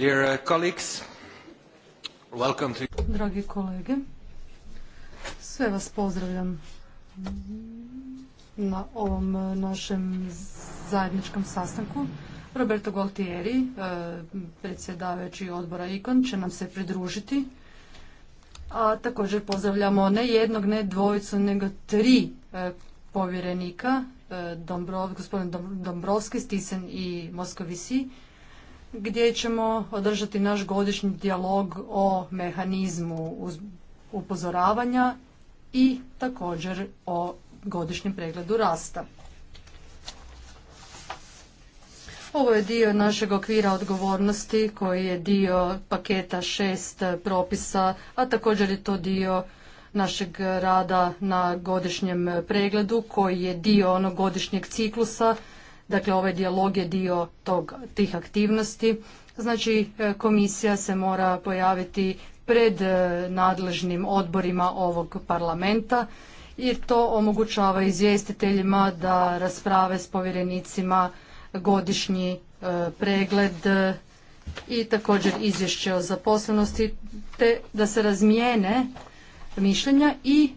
Dear uh, Dragi kolege, sve vas pozdravljam na ovom uh, našem zajedničkom sastanku. Roberto Gualtieri, uh, predsjedavajući odbora ICON, će nam se pridružiti. A također pozdravljamo ne jednog, ne dvojicu, nego tri povjerenika, gospodin Dombrovski, Stisen i Moskovisi, gdje ćemo održati naš godišnji dijalog o mehanizmu upozoravanja i također o godišnjem pregledu rasta. Ovo je dio našeg okvira odgovornosti koji je dio paketa šest propisa, a također je to dio našeg rada na godišnjem pregledu koji je dio onog godišnjeg ciklusa Dakle, ovaj dijalog je dio tog, tih aktivnosti. Znači, e, komisija se mora pojaviti pred e, nadležnim odborima ovog parlamenta jer to omogućava izvjestiteljima da rasprave s povjerenicima godišnji e, pregled i također izvješće o zaposlenosti te da se razmijene mišljenja i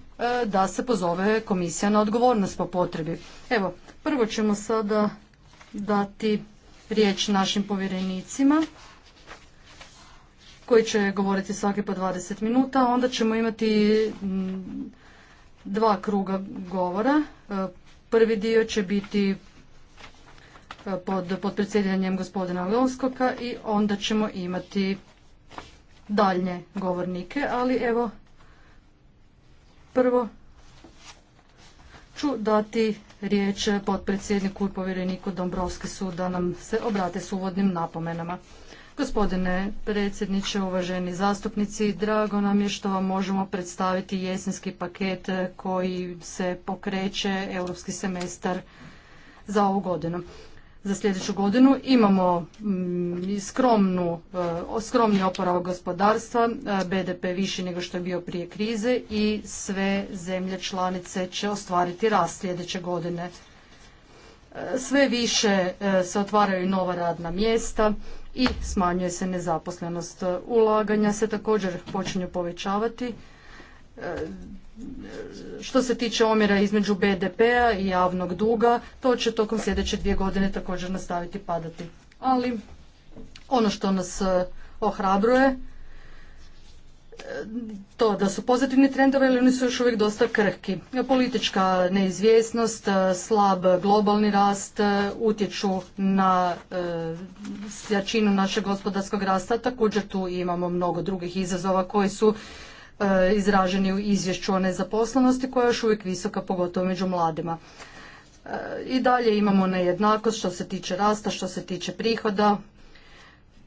da se pozove komisija na odgovornost po potrebi. Evo, prvo ćemo sada dati riječ našim povjerenicima koji će govoriti svaki po 20 minuta. Onda ćemo imati mm, dva kruga govora. E, prvi dio će biti e, pod, pod predsjedanjem gospodina Leonskoka i onda ćemo imati daljnje govornike, ali evo prvo ću dati riječ potpredsjedniku i povjereniku Dombrovskisu da nam se obrate s uvodnim napomenama. Gospodine predsjedniče, uvaženi zastupnici, drago nam je što vam možemo predstaviti jesenski paket koji se pokreće europski semestar za ovu godinu za sljedeću godinu. Imamo mm, skromnu, e, skromni oporavak gospodarstva, e, BDP više nego što je bio prije krize i sve zemlje članice će ostvariti rast sljedeće godine. E, sve više se otvaraju nova radna mjesta i smanjuje se nezaposlenost. Ulaganja se također počinju povećavati što se tiče omjera između BDP-a i javnog duga, to će tokom sljedeće dvije godine također nastaviti padati. Ali ono što nas e, ohrabruje, e, to da su pozitivni trendovi, ali oni su još uvijek dosta krhki. Politička neizvjesnost, e, slab globalni rast utječu na sjačinu našeg gospodarskog rasta. Također tu imamo mnogo drugih izazova koji su E, izraženi u izvješću o nezaposlenosti koja je još uvijek visoka pogotovo među mladima. E, I dalje imamo nejednakost što se tiče rasta, što se tiče prihoda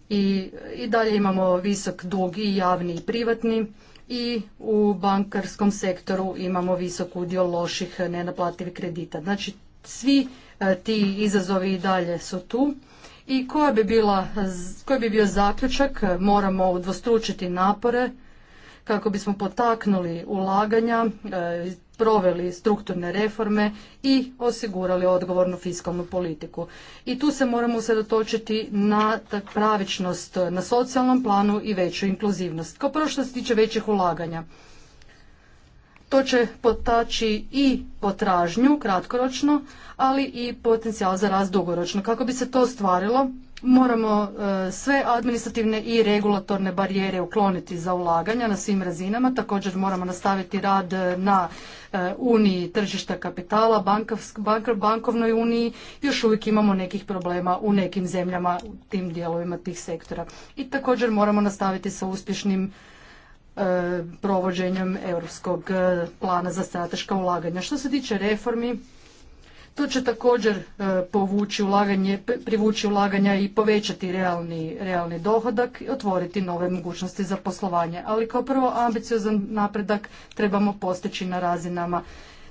i, i dalje imamo visok dug i javni i privatni i u bankarskom sektoru imamo visok udio loših nenaplativih kredita. Znači svi e, ti izazovi i dalje su tu i koja bi bila, koji bi bio zaključak, moramo udvostručiti napore kako bismo potaknuli ulaganja, e, proveli strukturne reforme i osigurali odgovornu fiskalnu politiku. I tu se moramo usredotočiti na pravičnost na socijalnom planu i veću inkluzivnost. Kao prvo što se tiče većih ulaganja. To će potaći i potražnju kratkoročno, ali i potencijal za rast dugoročno. Kako bi se to ostvarilo, moramo e, sve administrativne i regulatorne barijere ukloniti za ulaganja na svim razinama. Također moramo nastaviti rad e, na e, uniji tržišta kapitala, bankovnoj uniji. Još uvijek imamo nekih problema u nekim zemljama, u tim dijelovima tih sektora. I također moramo nastaviti sa uspješnim provođenjem europskog plana za strateška ulaganja. Što se tiče reformi, to će također e, povući ulaganje, privući ulaganja i povećati realni, dohodak i otvoriti nove mogućnosti za poslovanje. Ali kao prvo ambiciozan napredak trebamo postići na razinama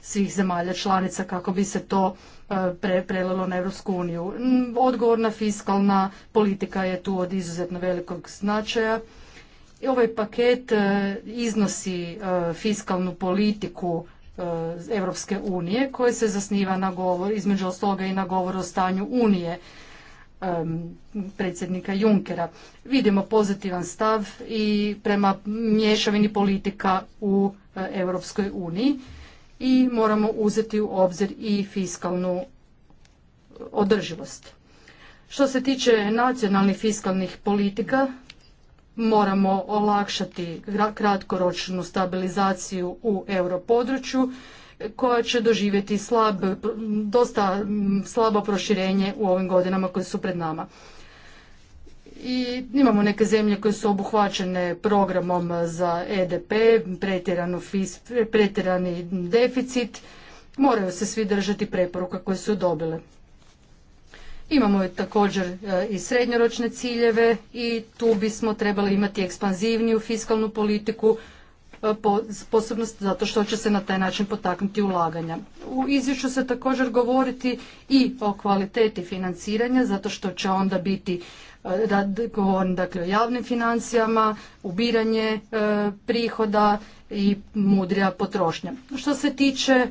svih zemalja članica kako bi se to e, prelilo na Europsku uniju. Mm, odgovorna fiskalna politika je tu od izuzetno velikog značaja. I ovaj paket e, iznosi fiskalnu politiku Europske eh, unije koji se zasniva na govor, između ostaloga i na govor o stanju unije predsjednika Junkera. Vidimo pozitivan stav i prema mješavini politika u Europskoj eh, uniji i moramo uzeti u obzir i fiskalnu eh, održivost. Što se tiče nacionalnih fiskalnih politika, moramo olakšati kratkoročnu stabilizaciju u europodručju e, koja će doživjeti slab, dosta slabo proširenje u ovim godinama koje su pred nama. I imamo neke zemlje koje su obuhvaćene programom za EDP, pretjerani deficit, moraju se svi držati preporuka koje su dobile. Imamo također e, i srednjoročne ciljeve i tu bismo trebali imati ekspanzivniju fiskalnu politiku, e, posebno zato što će se na taj način potaknuti ulaganja. U izvješću se također govoriti i o kvaliteti financiranja, zato što će onda biti e, govorim dakle o javnim financijama, ubiranje prihoda i mudrija potrošnja. Što se tiče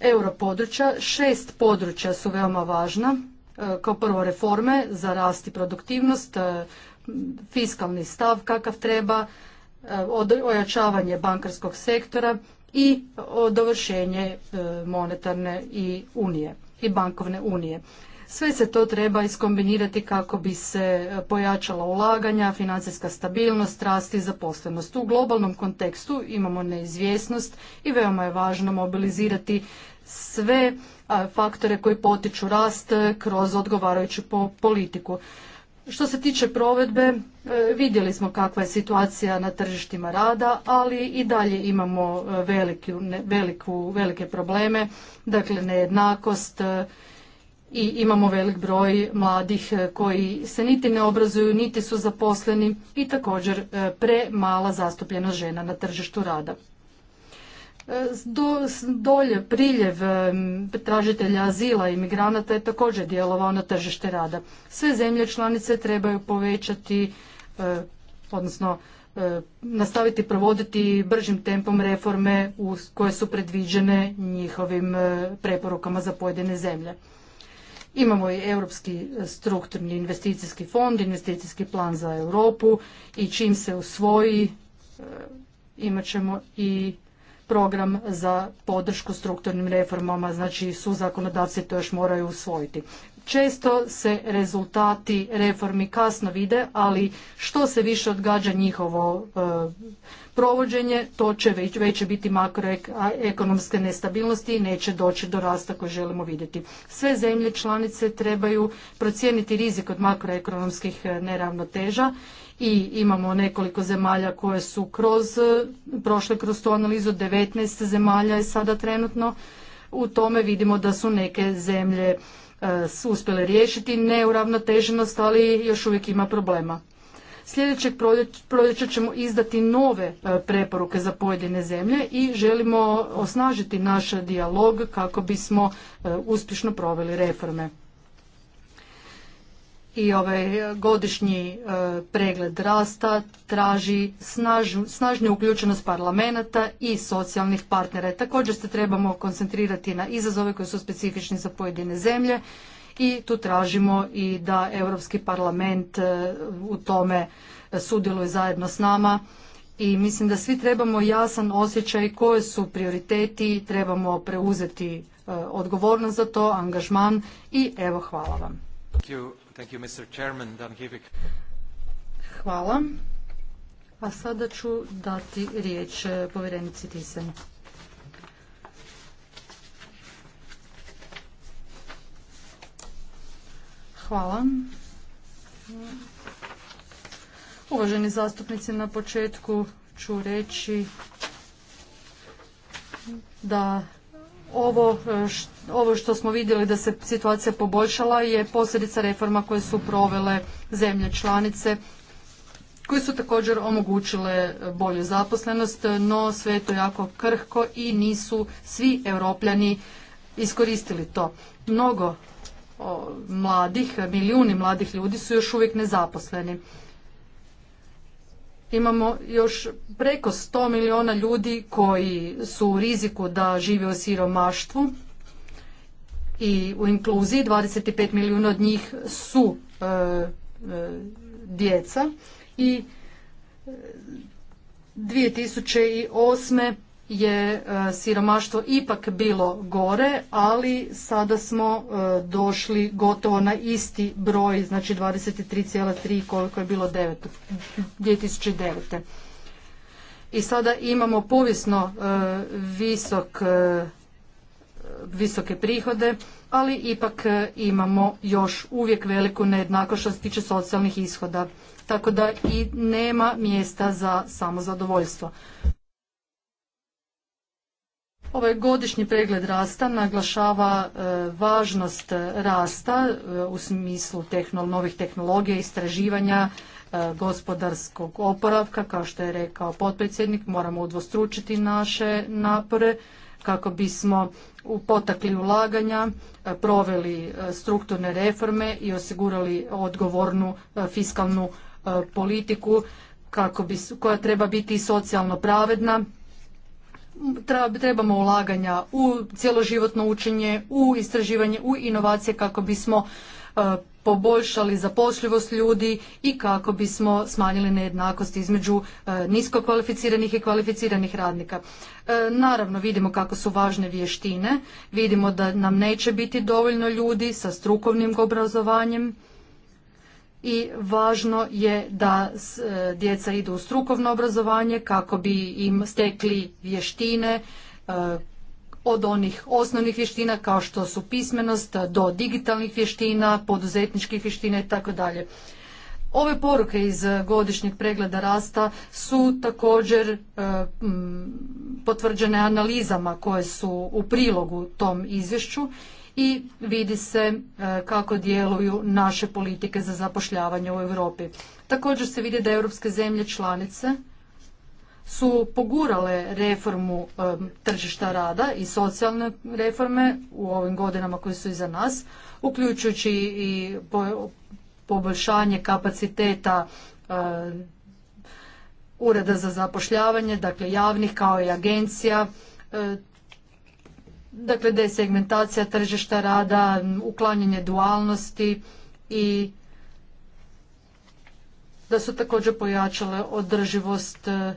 europodručja, šest područja su veoma važna kao prvo reforme za rast i produktivnost, e, fiskalni stav kakav treba, e, ojačavanje bankarskog sektora i dovršenje e, monetarne i unije i bankovne unije. Sve se to treba iskombinirati kako bi se pojačala ulaganja, financijska stabilnost, rast i zaposlenost. U globalnom kontekstu imamo neizvjesnost i veoma je važno mobilizirati sve faktore koji potiču rast e, kroz odgovarajuću politiku. Što se tiče provedbe, e, vidjeli smo kakva je situacija na tržištima rada, ali i dalje imamo e, veliku, veliku, velike probleme, dakle nejednakost i imamo velik broj mladih koji se niti ne obrazuju, niti su zaposleni i također premala zastupljena žena na tržištu rada dolje priljev tražitelja azila i migranata je također djelovao na tržište rada. Sve zemlje članice trebaju povećati, e, odnosno e, nastaviti provoditi bržim tempom reforme koje su predviđene njihovim e, preporukama za pojedine zemlje. Imamo i Europski strukturni investicijski fond, investicijski plan za Europu i čim se usvoji imat ćemo i program za podršku strukturnim reformama, znači su zakonodavci to još moraju usvojiti. Često se rezultati reformi kasno vide, ali što se više odgađa njihovo e, provođenje, to će već, biti makroekonomske nestabilnosti i neće doći do rasta koji želimo vidjeti. Sve zemlje članice trebaju procijeniti rizik od makroekonomskih e, neravnoteža i imamo nekoliko zemalja koje su kroz, prošle kroz tu analizu, 19 zemalja je sada trenutno u tome vidimo da su neke zemlje e, uspjele riješiti neuravnoteženost, ali još uvijek ima problema. Sljedećeg proljeća ćemo izdati nove e, preporuke za pojedine zemlje i želimo osnažiti naš dijalog kako bismo e, uspješno proveli reforme i ovaj godišnji e, pregled rasta traži snažnu, uključenost parlamenata i socijalnih partnera. Također se trebamo koncentrirati na izazove koji su specifični za pojedine zemlje i tu tražimo i da Europski parlament e, u tome sudjeluje zajedno s nama i mislim da svi trebamo jasan osjećaj koje su prioriteti, trebamo preuzeti e, odgovornost za to, angažman i evo hvala vam. Thank you, Mr. Chairman. Dan Hvala. A sada ću dati riječ e, povjerenici Tisen. Hvala. Uvaženi zastupnici, na početku ću reći da E, ovo što smo vidjeli da se situacija poboljšala je posljedica reforma koje su provele zemlje članice koje su također omogućile bolju zaposlenost, no sve je to jako krhko i nisu svi europljani iskoristili to. Mnogo mladih, milijuni mladih ljudi su još uvijek nezaposleni imamo još preko 100 milijuna ljudi koji su u riziku da žive u siromaštvu i u inkluziji 25 milijuna od njih su e, e, djeca i 2008. E, je e, siromaštvo ipak bilo gore, ali sada smo e, došli gotovo na isti broj, znači 23,3 koliko je bilo 2009. I sada imamo povijesno e, visok, visoke prihode, ali ipak imamo još uvijek veliku nejednakost što se tiče socijalnih ishoda. Tako da i nema mjesta za samozadovoljstvo. Ovaj godišnji pregled rasta naglašava e, važnost rasta e, u smislu novih tehnologija, istraživanja, e, gospodarskog oporavka, kao što je rekao potpredsjednik, moramo udvostručiti naše napore kako bismo potakli ulaganja, proveli strukturne reforme i osigurali odgovornu fiskalnu politiku kako koja treba biti socijalno pravedna trebamo ulaganja u cjeloživotno učenje, u istraživanje, u inovacije kako bismo e, poboljšali zapošljivost ljudi i kako bismo smanjili nejednakost između e, nisko kvalificiranih i kvalificiranih radnika. E, naravno vidimo kako su važne vještine, vidimo da nam neće biti dovoljno ljudi sa strukovnim obrazovanjem i važno je da e, djeca idu u strukovno obrazovanje kako bi im stekli vještine e, od onih osnovnih vještina kao što su pismenost do digitalnih vještina, poduzetničkih vještina i tako dalje. Ove poruke iz godišnjeg pregleda rasta su također e, potvrđene analizama koje su u prilogu tom izvješću i vidi se e, kako djeluju naše politike za zapošljavanje u Europi. Također se vidi da europske zemlje članice su pogurale reformu e, tržišta rada i socijalne reforme u ovim godinama koje su iza nas, uključujući i poboljšanje kapaciteta e, ureda za zapošljavanje, dakle javnih kao i agencija, dakle desegmentacija tržišta rada, uklanjanje dualnosti i da su također pojačale održivost e,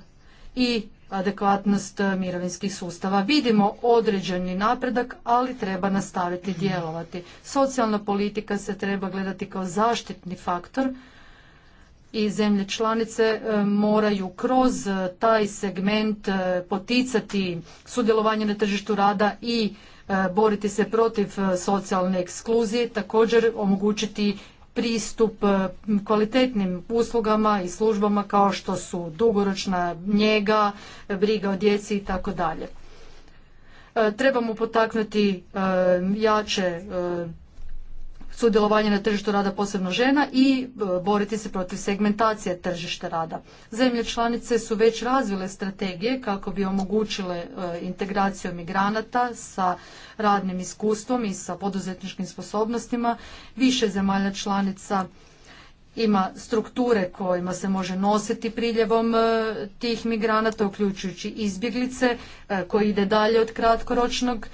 i adekvatnost e, mirovinskih sustava. Vidimo određeni napredak, ali treba nastaviti djelovati. Socijalna politika se treba gledati kao zaštitni faktor i zemlje članice e, moraju kroz e, taj segment e, poticati sudjelovanje na tržištu rada i boriti se protiv socijalne ekskluzije, također omogućiti pristup kvalitetnim uslugama i službama kao što su dugoročna njega, briga o djeci i tako dalje. Trebamo potaknuti jače sudjelovanje na tržištu rada posebno žena i e, boriti se protiv segmentacije tržišta rada. Zemlje članice su već razvile strategije kako bi omogućile e, integraciju migranata sa radnim iskustvom i sa poduzetničkim sposobnostima. Više zemalja članica ima strukture kojima se može nositi priljevom e, tih migranata, uključujući izbjeglice koji ide dalje od kratkoročnog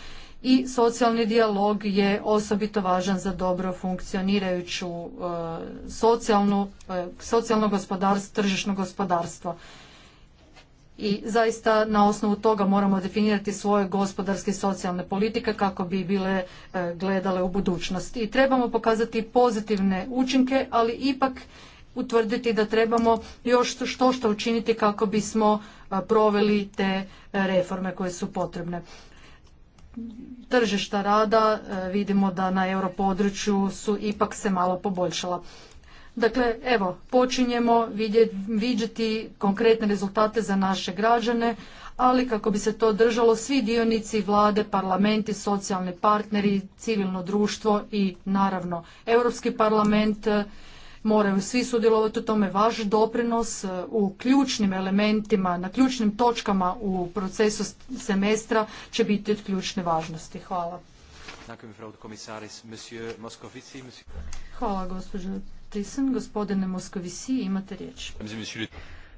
i socijalni dijalog je osobito važan za dobro funkcionirajuću e, e, socijalno gospodarstvo, tržišno gospodarstvo. I zaista na osnovu toga moramo definirati svoje gospodarske i socijalne politike kako bi bile e, gledale u budućnosti. I trebamo pokazati pozitivne učinke, ali ipak utvrditi da trebamo još što što učiniti kako bismo proveli te reforme koje su potrebne tržišta rada e, vidimo da na europodručju su ipak se malo poboljšala. Dakle, evo, počinjemo vidjeti konkretne rezultate za naše građane, ali kako bi se to držalo, svi dionici vlade, parlamenti, socijalni partneri, civilno društvo i naravno Europski parlament moraju svi sudjelovati u tome. Vaš doprinos e, u ključnim elementima, na ključnim točkama u procesu semestra će biti od ključne važnosti. Hvala. Hvala gospođo Thyssen. Gospodine Moskovici, imate riječ.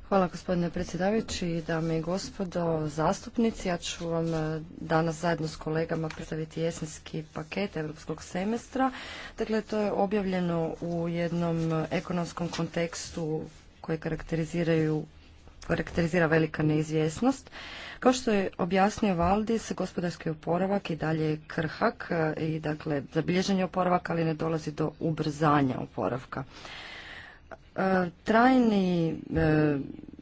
Hvala gospodine predsjedavajući, dame i gospodo zastupnici. Ja ću vam eh, danas zajedno s kolegama predstaviti jesenski paket europskog semestra. Dakle, to je objavljeno u jednom ekonomskom kontekstu koji karakteriziraju karakterizira velika neizvjesnost. Kao što je objasnio Valdis, gospodarski oporavak i dalje je krhak eh, i dakle zabilježen je oporavak, ali ne dolazi do ubrzanja oporavka. E, trajni e,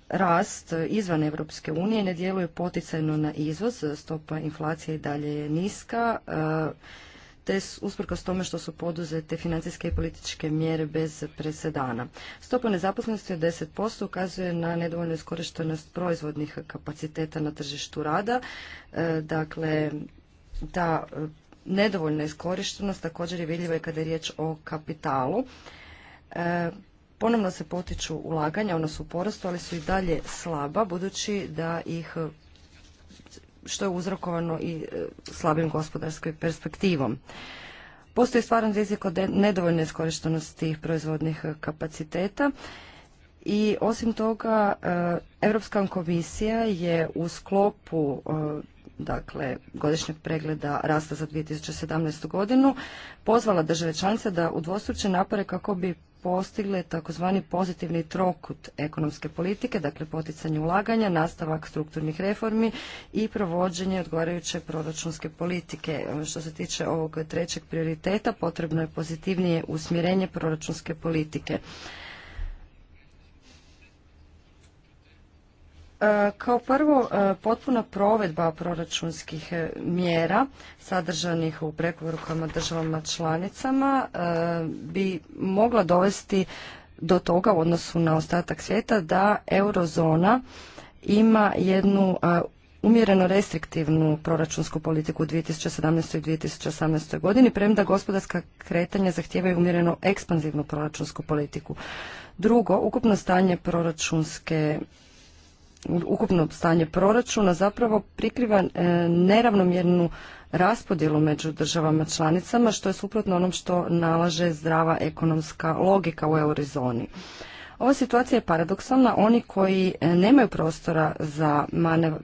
rast izvan Europske unije ne djeluje poticajno na izvoz, stopa inflacije i dalje je niska, e, te usprkos tome što su poduzete financijske i političke mjere bez presedana. Stopa nezaposlenosti od 10% ukazuje na nedovoljnu iskorištenost proizvodnih kapaciteta na tržištu rada. Dakle, ta nedovoljna iskorištenost također je vidljiva i kada je riječ o kapitalu. Ponovno se potiču ulaganja, ona su u porastu, ali su i dalje slaba, budući da ih, što je uzrokovano i e, slabim gospodarskom perspektivom. Postoji stvaran rizik od nedovoljne iskorištenosti proizvodnih kapaciteta i osim toga e, Europska komisija je u sklopu e, dakle godišnjeg pregleda rasta za 2017. godinu pozvala države članice da udvostruče napore kako bi postigle takozvani pozitivni trokut ekonomske politike, dakle poticanje ulaganja, nastavak strukturnih reformi i provođenje odgovarajuće proračunske politike. Što se tiče ovog trećeg prioriteta, potrebno je pozitivnije usmjerenje proračunske politike. Kao prvo, e, potpuna provedba proračunskih e, mjera sadržanih u preporukama državama članicama e, bi mogla dovesti do toga u odnosu na ostatak svijeta da eurozona ima jednu umjereno restriktivnu proračunsku politiku u 2017. i 2018. godini, premda gospodarska kretanja zahtijevaju umjereno ekspanzivnu proračunsku politiku. Drugo, ukupno stanje proračunske ukupno stanje proračuna zapravo prikriva e, neravnomjernu raspodjelu među državama članicama što je suprotno onom što nalaže zdrava ekonomska logika u eurozoni. Ova situacija je paradoksalna. Oni koji e, nemaju prostora za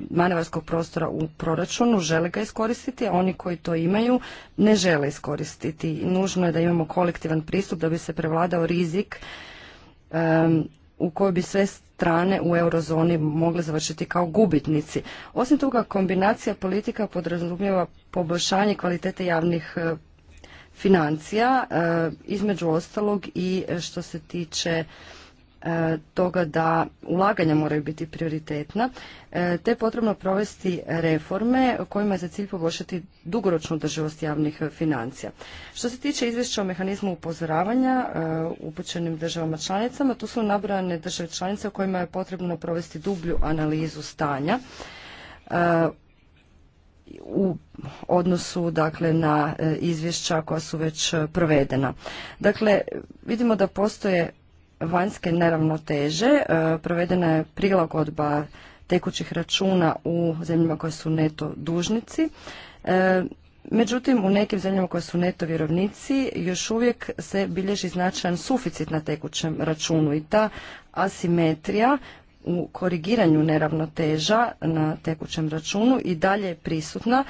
manevarskog prostora u proračunu žele ga iskoristiti, a oni koji to imaju ne žele iskoristiti. nužno je da imamo kolektivan pristup da bi se prevladao rizik u koji bi sve strane u eurozoni mogle završiti kao gubitnici. Osim toga, kombinacija politika podrazumijeva poboljšanje kvalitete javnih e, financija, e, između ostalog i što se tiče E, toga da ulaganja moraju biti prioritetna, e, te je potrebno provesti reforme kojima je za cilj poboljšati dugoročnu održivost javnih financija. Što se tiče izvješća o mehanizmu upozoravanja e, upućenim državama članicama, tu su nabrojane države članice u kojima je potrebno provesti dublju analizu stanja u odnosu dakle na izvješća koja su već provedena. Dakle, vidimo da postoje vanjske neravnoteže. E, provedena je prilagodba tekućih računa u zemljama koje su neto dužnici. E, međutim, u nekim zemljama koje su neto vjerovnici još uvijek se bilježi značajan suficit na tekućem računu i ta asimetrija u korigiranju neravnoteža na tekućem računu i dalje je prisutna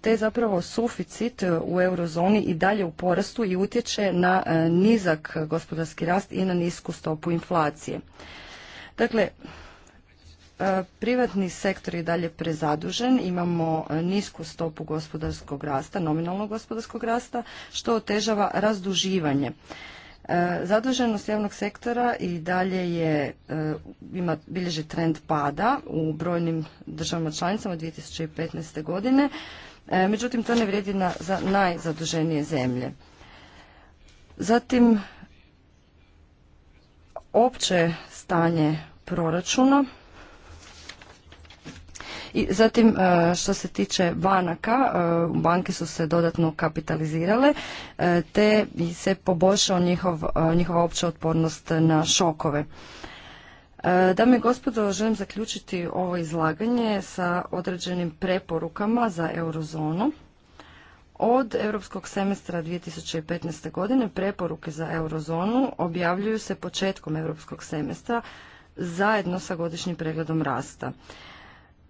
te zapravo suficit u eurozoni i dalje u porastu i utječe na e, nizak gospodarski rast i na nisku stopu inflacije. Dakle, e, privatni sektor je dalje prezadužen, imamo e, nisku stopu gospodarskog rasta, nominalnog gospodarskog rasta, što otežava razduživanje. E, zaduženost javnog sektora i dalje je, e, ima, bilježi trend pada u brojnim državama članicama 2015. godine, e, međutim to ne vrijedi na, za najzaduženije zemlje. Zatim, opće stanje proračuna i zatim e, što se tiče banaka, e, banke su se dodatno kapitalizirale e, te se poboljšao njihov, njihova opća otpornost na šokove. Dame i gospodo, želim zaključiti ovo izlaganje sa određenim preporukama za eurozonu. Od europskog semestra 2015. godine preporuke za eurozonu objavljuju se početkom europskog semestra zajedno sa godišnjim pregledom rasta.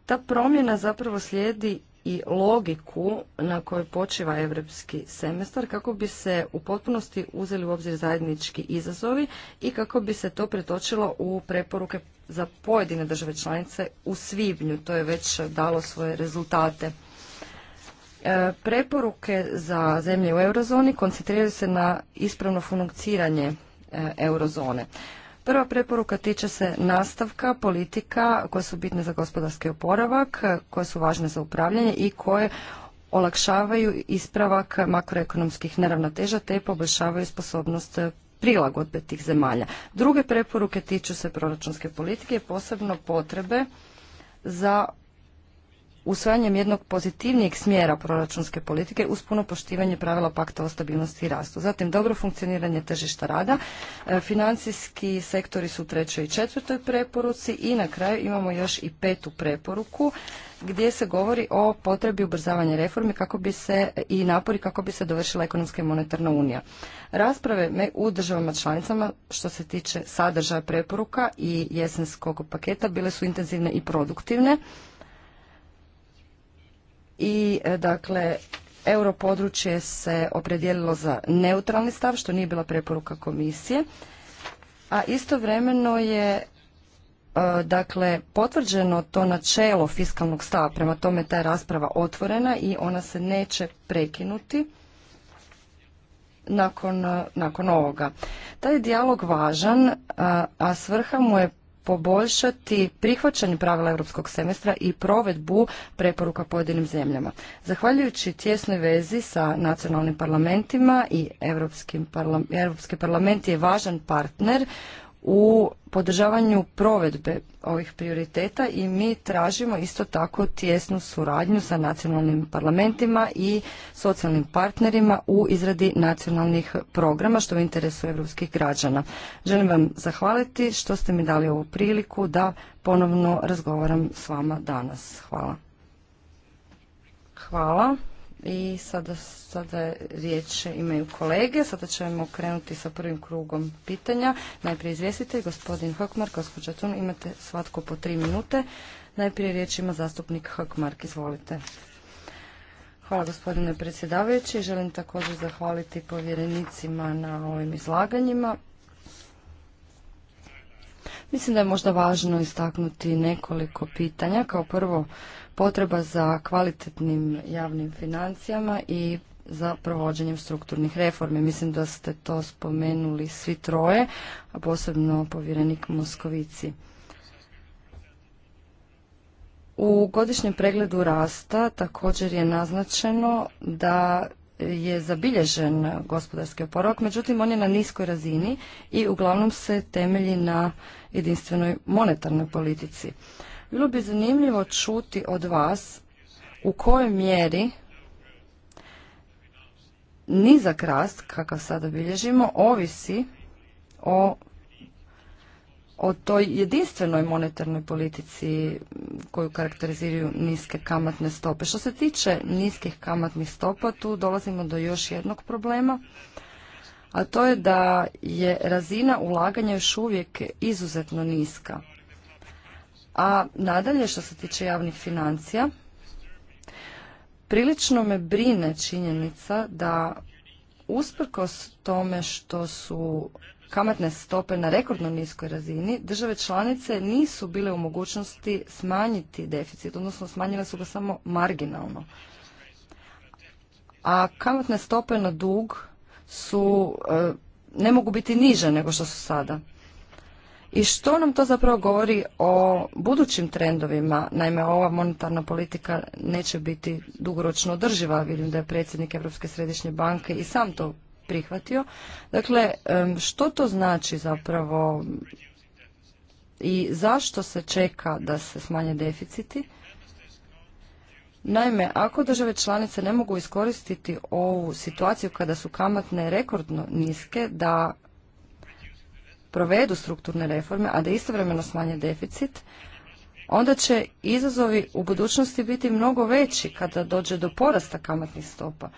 Ta promjena zapravo slijedi i logiku na kojoj počiva europski semestar kako bi se u potpunosti uzeli u obzir zajednički izazovi i kako bi se to pretočilo u preporuke za pojedine države članice u svibnju. To je već dalo svoje rezultate. E, preporuke za zemlje u eurozoni koncentriraju se na ispravno funkcioniranje e, eurozone. Prva preporuka tiče se nastavka politika koje su bitne za gospodarski oporavak, koje su važne za upravljanje i koje olakšavaju ispravak makroekonomskih neravnoteža te poboljšavaju sposobnost prilagodbe tih zemalja. Druge preporuke tiču se proračunske politike i posebno potrebe za usvajanjem jednog pozitivnijeg smjera proračunske politike uz puno poštivanje pravila pakta o stabilnosti i rastu. Zatim dobro funkcioniranje tržišta rada, e, financijski sektori su u trećoj i četvrtoj preporuci i na kraju imamo još i petu preporuku gdje se govori o potrebi ubrzavanja reformi kako bi se i napori kako bi se dovršila ekonomska i monetarna unija. Rasprave u državama članicama što se tiče sadržaja preporuka i jesenskog paketa bile su intenzivne i produktivne i e, dakle europodručje se opredijelilo za neutralni stav što nije bila preporuka komisije a istovremeno je e, dakle potvrđeno to načelo fiskalnog stava prema tome ta je rasprava otvorena i ona se neće prekinuti nakon, e, ovoga. Taj je dijalog važan, a, a svrha mu je poboljšati prihvaćanje pravila europskog semestra i provedbu preporuka pojedinim zemljama. Zahvaljujući tjesnoj vezi sa nacionalnim parlamentima i Europski parlament je važan partner u podržavanju provedbe ovih prioriteta i mi tražimo isto tako tjesnu suradnju sa nacionalnim parlamentima i socijalnim partnerima u izradi nacionalnih programa što je interesu europskih građana. Želim vam zahvaliti što ste mi dali ovu priliku da ponovno razgovaram s vama danas. Hvala. Hvala. I sada, sada riječ imaju kolege. Sada ćemo krenuti sa prvim krugom pitanja. Najprije izvjestitelj, gospodin Hakmar, gospođa Tun, imate svatko po tri minute. Najprije riječ ima zastupnik Hakmark, izvolite. Hvala gospodine predsjedavajući. Želim također zahvaliti povjerenicima na ovim izlaganjima. Mislim da je možda važno istaknuti nekoliko pitanja. Kao prvo, potreba za kvalitetnim javnim financijama i za provođenjem strukturnih reformi. Mislim da ste to spomenuli svi troje, a posebno povjerenik Moskovici. U godišnjem pregledu rasta također je naznačeno da je zabilježen gospodarski oporavak, međutim on je na niskoj razini i uglavnom se temelji na jedinstvenoj monetarnoj politici. Bilo bi zanimljivo čuti od vas u kojoj mjeri nizak rast, kakav sada bilježimo, ovisi o o toj jedinstvenoj monetarnoj politici koju karakteriziraju niske kamatne stope. Što se tiče niskih kamatnih stopa, tu dolazimo do još jednog problema, a to je da je razina ulaganja još uvijek izuzetno niska. A nadalje što se tiče javnih financija, prilično me brine činjenica da usprkos tome što su kamatne stope na rekordno niskoj razini, države članice nisu bile u mogućnosti smanjiti deficit, odnosno smanjile su ga samo marginalno. A kamatne stope na dug su e, ne mogu biti niže nego što su sada. I što nam to zapravo govori o budućim trendovima? Naime, ova monetarna politika neće biti dugoročno održiva. Vidim da je predsjednik Europske središnje banke i sam to prihvatio. Dakle, što to znači zapravo i zašto se čeka da se smanje deficiti? Naime, ako države članice ne mogu iskoristiti ovu situaciju kada su kamatne rekordno niske da provedu strukturne reforme, a da istovremeno smanje deficit, onda će izazovi u budućnosti biti mnogo veći kada dođe do porasta kamatnih stopa.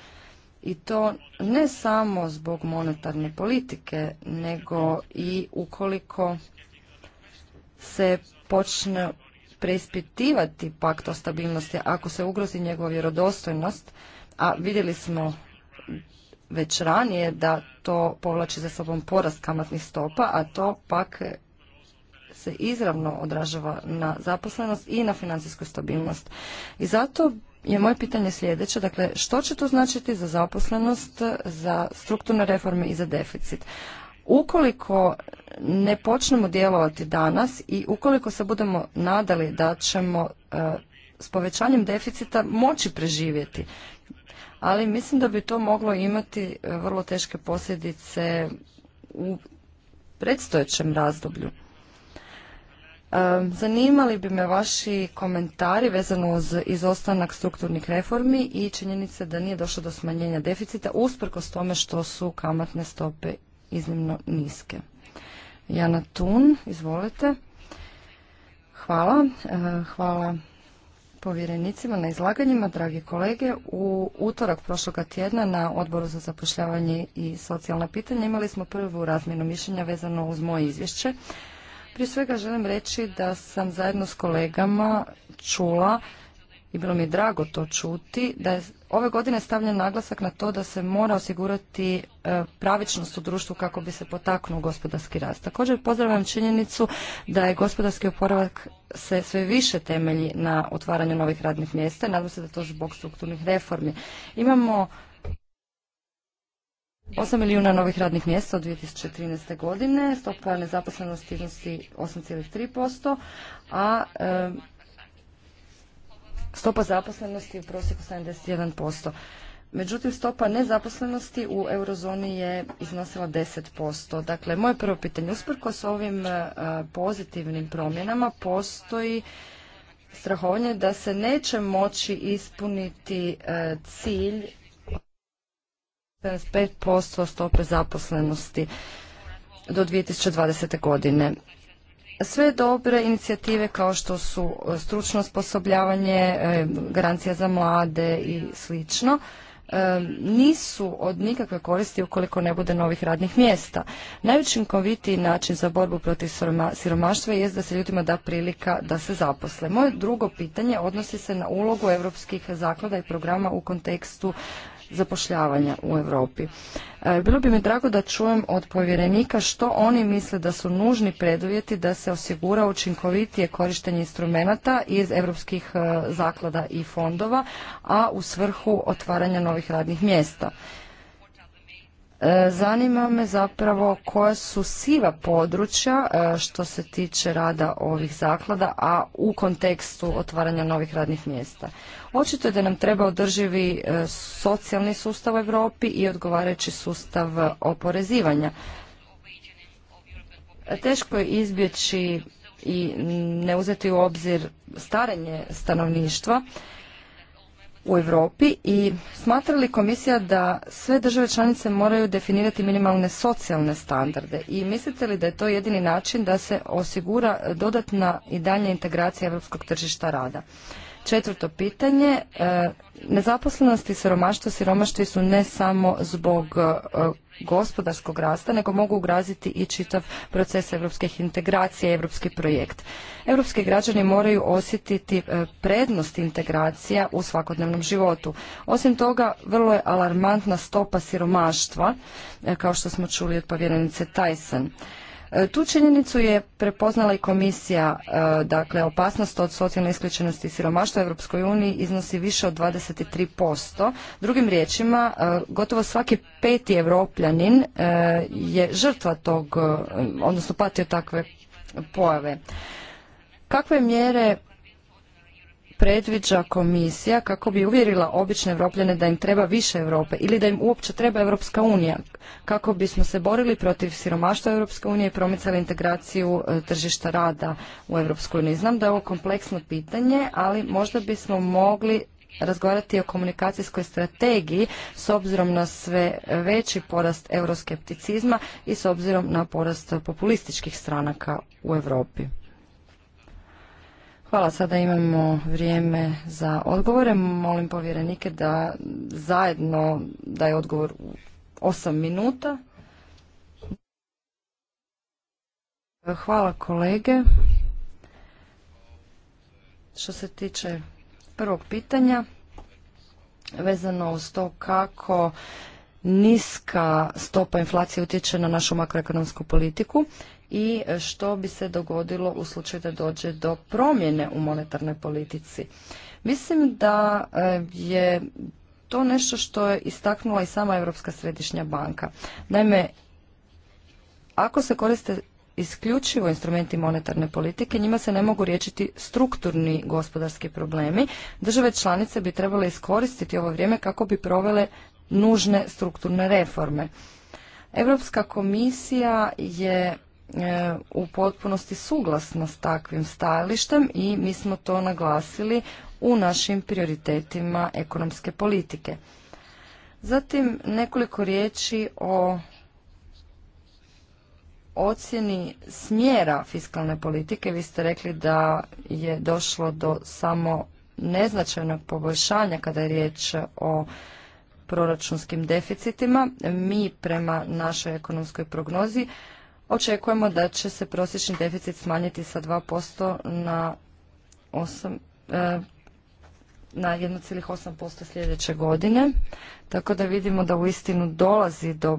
I to ne samo zbog monetarne politike, nego i ukoliko se počne preispitivati pakt o stabilnosti, ako se ugrozi njegova vjerodostojnost, a vidjeli smo već ranije da to povlači za sobom porast kamatnih stopa, a to pak se izravno odražava na zaposlenost i na financijsku stabilnost. I zato je moje pitanje sljedeće, dakle što će to značiti za zaposlenost, za strukturne reforme i za deficit? Ukoliko ne počnemo djelovati danas i ukoliko se budemo nadali da ćemo e, s povećanjem deficita moći preživjeti, ali mislim da bi to moglo imati e, vrlo teške posljedice u predstojećem razdoblju. E, zanimali bi me vaši komentari vezano uz izostanak strukturnih reformi i činjenice da nije došlo do smanjenja deficita usprkos tome što su kamatne stope iznimno niske. Jana Tun, izvolite. Hvala. E, hvala povjerenicima na izlaganjima, dragi kolege. U utorak prošloga tjedna na Odboru za zapošljavanje i socijalna pitanja imali smo prvu razmjenu mišljenja vezano uz moje izvješće. Prije svega želim reći da sam zajedno s kolegama čula i bilo mi je drago to čuti da je ove godine stavljen naglasak na to da se mora osigurati e, pravičnost u društvu kako bi se potaknuo gospodarski rast. Također pozdravljam činjenicu da je gospodarski oporavak se sve više temelji na otvaranju novih radnih mjesta. Nadam se da to zbog strukturnih reformi. Imamo 8 milijuna novih radnih mjesta od 2013. godine, stopa nezaposlenosti iznosi 8,3%, a e, stopa zaposlenosti u prosjeku 71%. Međutim, stopa nezaposlenosti u eurozoni je iznosila 10%. Dakle, moje prvo pitanje, s ovim e, pozitivnim promjenama postoji strahovanje da se neće moći ispuniti e, cilj 75% stope zaposlenosti do 2020. godine sve dobre inicijative kao što su e, stručno osposobljavanje, e, garancija za mlade i slično, e, nisu od nikakve koristi ukoliko ne bude novih radnih mjesta. Najučinkovitiji način za borbu protiv siromaštva je da se ljudima da prilika da se zaposle. Moje drugo pitanje odnosi se na ulogu europskih zaklada i programa u kontekstu zapošljavanja u Europi. E, bilo bi mi drago da čujem od povjerenika što oni misle da su nužni preduvjeti da se osigura učinkovitije korištenje instrumenata iz europskih e, zaklada i fondova, a u svrhu otvaranja novih radnih mjesta. E, zanima me zapravo koja su siva područja e, što se tiče rada ovih zaklada, a u kontekstu otvaranja novih radnih mjesta. Očito je da nam treba održivi e, socijalni sustav u Europi i odgovarajući sustav oporezivanja. Teško je izbjeći i ne uzeti u obzir starenje stanovništva u Europi i smatra li komisija da sve države članice moraju definirati minimalne socijalne standarde i mislite li da je to jedini način da se osigura dodatna i daljnja integracija europskog tržišta rada? Četvrto pitanje, e, nezaposlenost i siromaštvo siromaštvi su ne samo zbog e, gospodarskog rasta, nego mogu ugraziti i čitav proces evropskih integracija i europski projekt. Europski građani moraju osjetiti e, prednost integracija u svakodnevnom životu. Osim toga, vrlo je alarmantna stopa siromaštva, kao što smo čuli od povjerenice Tyson. E, tu činjenicu je prepoznala i komisija, e, dakle opasnost od socijalne isključenosti i siromaštva u Europskoj uniji iznosi više od 23%. Drugim riječima, e, gotovo svaki peti evropljanin je žrtva tog, odnosno pati takve pojave. Kakve mjere predviđa komisija kako bi uvjerila obične Evropljane da im treba više Europe ili da im uopće treba Europska unija kako bismo se borili protiv siromaštva Europske unije i promicali integraciju e, tržišta rada u Europskoj uniji. Znam da je ovo kompleksno pitanje, ali možda bismo mogli razgovarati o komunikacijskoj strategiji s obzirom na sve veći porast euroskepticizma i s obzirom na porast populističkih stranaka u Europi. Hvala. Sada imamo vrijeme za odgovore. Molim povjerenike da zajedno daje odgovor u 8 minuta. Hvala kolege. Što se tiče prvog pitanja, vezano uz to kako niska stopa inflacije utječe na našu makroekonomsku politiku i što bi se dogodilo u slučaju da dođe do promjene u monetarnoj politici. Mislim da e, je to nešto što je istaknula i sama Europska središnja banka. Naime, ako se koriste isključivo instrumenti monetarne politike, njima se ne mogu riječiti strukturni gospodarski problemi. Države članice bi trebale iskoristiti ovo vrijeme kako bi provele nužne strukturne reforme. Europska komisija je E, u potpunosti suglasna s takvim stajalištem i mi smo to naglasili u našim prioritetima ekonomske politike. Zatim nekoliko riječi o ocjeni smjera fiskalne politike. Vi ste rekli da je došlo do samo neznačajnog poboljšanja kada je riječ o proračunskim deficitima. Mi prema našoj ekonomskoj prognozi očekujemo da će se prosječni deficit smanjiti sa 2% na 8, e, na 1,8% sljedeće godine. Tako da vidimo da u istinu dolazi do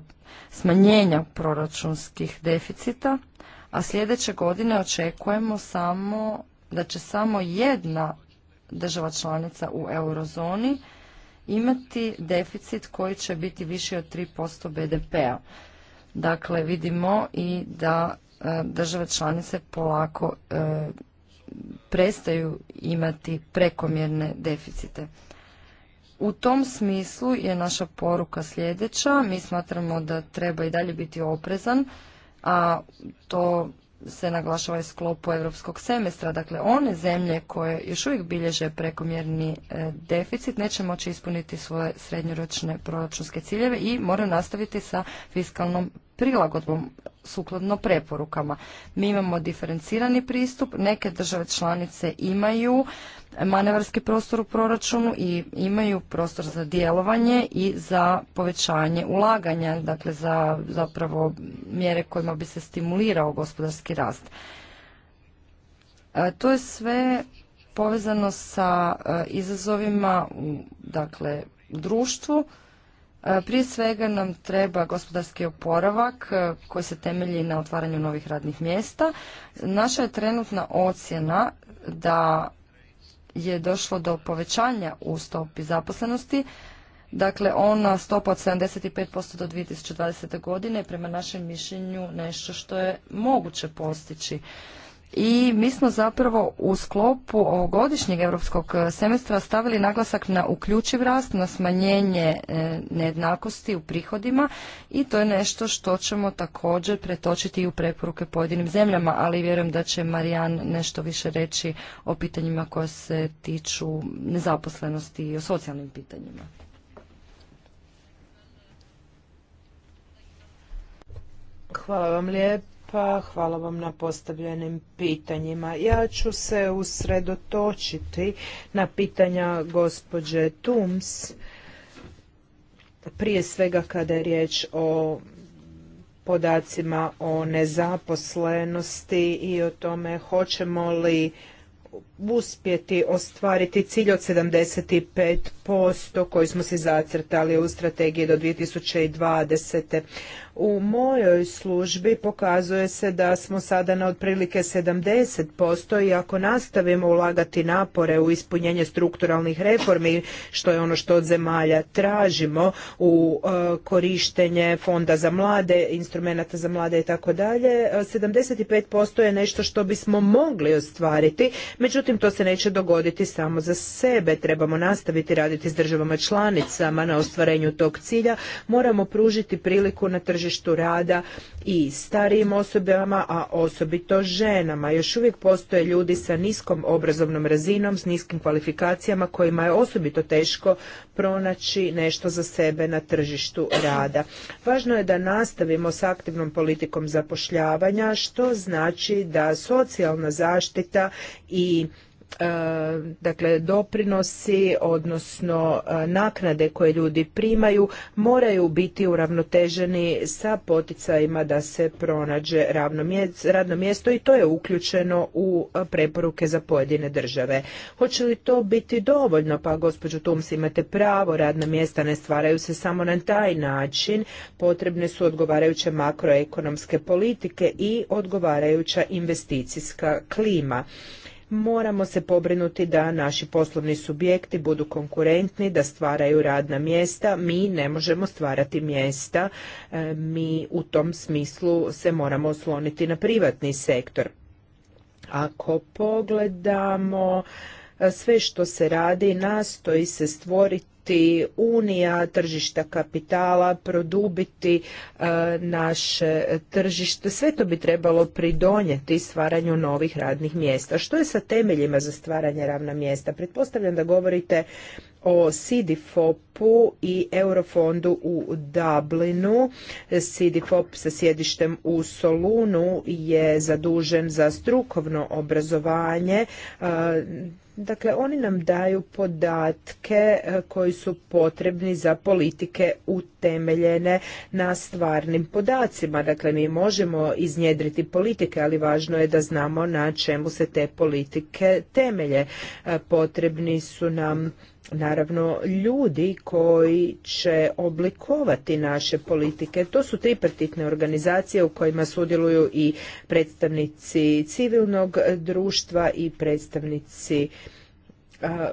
smanjenja proračunskih deficita, a sljedeće godine očekujemo samo da će samo jedna država članica u eurozoni imati deficit koji će biti viši od 3% BDP-a. Dakle, vidimo i da e, države članice polako e, prestaju imati prekomjerne deficite. U tom smislu je naša poruka sljedeća. Mi smatramo da treba i dalje biti oprezan, a to se naglašava iz sklopu europskog semestra. Dakle, one zemlje koje još uvijek bilježe prekomjerni e, deficit neće moći ispuniti svoje srednjoročne proračunske ciljeve i moraju nastaviti sa fiskalnom prilagodbom sukladno preporukama. Mi imamo diferencirani pristup, neke države članice imaju manevarski prostor u proračunu i imaju prostor za djelovanje i za povećanje ulaganja, dakle za zapravo mjere kojima bi se stimulirao gospodarski rast. E, to je sve povezano sa e, izazovima u dakle, društvu. E, prije svega nam treba gospodarski oporavak koji se temelji na otvaranju novih radnih mjesta. Naša je trenutna ocjena da je došlo do povećanja u stopi zaposlenosti. Dakle, ona stopa od 75% do 2020. godine je prema našem mišljenju nešto što je moguće postići i mi smo zapravo u sklopu ovogodišnjeg europskog semestra stavili naglasak na uključiv rast, na smanjenje e, nejednakosti u prihodima i to je nešto što ćemo također pretočiti i u preporuke pojedinim zemljama, ali vjerujem da će Marijan nešto više reći o pitanjima koje se tiču nezaposlenosti i o socijalnim pitanjima. Hvala vam lijepo pa Hvala vam na postavljenim pitanjima. Ja ću se usredotočiti na pitanja gospođe Tums. Prije svega kada je riječ o podacima o nezaposlenosti i o tome hoćemo li uspjeti ostvariti cilj od 75% koji smo si zacrtali u strategiji do 2020. U mojoj službi pokazuje se da smo sada na otprilike 70% i ako nastavimo ulagati napore u ispunjenje strukturalnih reformi, što je ono što od zemalja tražimo u e, korištenje fonda za mlade, instrumenta za mlade i tako dalje, 75% je nešto što bismo mogli ostvariti. Međutim, Međutim, to se neće dogoditi samo za sebe. Trebamo nastaviti raditi s državama članicama na ostvarenju tog cilja. Moramo pružiti priliku na tržištu rada i starijim osobama, a osobito ženama. Još uvijek postoje ljudi sa niskom obrazovnom razinom, s niskim kvalifikacijama kojima je osobito teško pronaći nešto za sebe na tržištu rada. Važno je da nastavimo s aktivnom politikom zapošljavanja, što znači da socijalna zaštita i E, dakle doprinosi odnosno e, naknade koje ljudi primaju moraju biti uravnoteženi sa poticajima da se pronađe radno mjesto i to je uključeno u e, preporuke za pojedine države. Hoće li to biti dovoljno? Pa gospođo Tums imate pravo, radna mjesta ne stvaraju se samo na taj način, potrebne su odgovarajuće makroekonomske politike i odgovarajuća investicijska klima Moramo se pobrinuti da naši poslovni subjekti budu konkurentni, da stvaraju radna mjesta. Mi ne možemo stvarati mjesta, e, mi u tom smislu se moramo osloniti na privatni sektor. Ako pogledamo e, sve što se radi nastoji se stvoriti biti unija tržišta kapitala, produbiti e, naše tržište. Sve to bi trebalo pridonijeti stvaranju novih radnih mjesta. Što je sa temeljima za stvaranje ravna mjesta? Pretpostavljam da govorite o SIDIFOP-u i Eurofondu u Dublinu. SIDIFOP sa sjedištem u Solunu je zadužen za strukovno obrazovanje. Dakle, oni nam daju podatke koji su potrebni za politike utemeljene na stvarnim podacima. Dakle, mi možemo iznjedriti politike, ali važno je da znamo na čemu se te politike temelje. Potrebni su nam naravno ljudi koji će oblikovati naše politike. To su tripartitne organizacije u kojima sudjeluju i predstavnici civilnog društva i predstavnici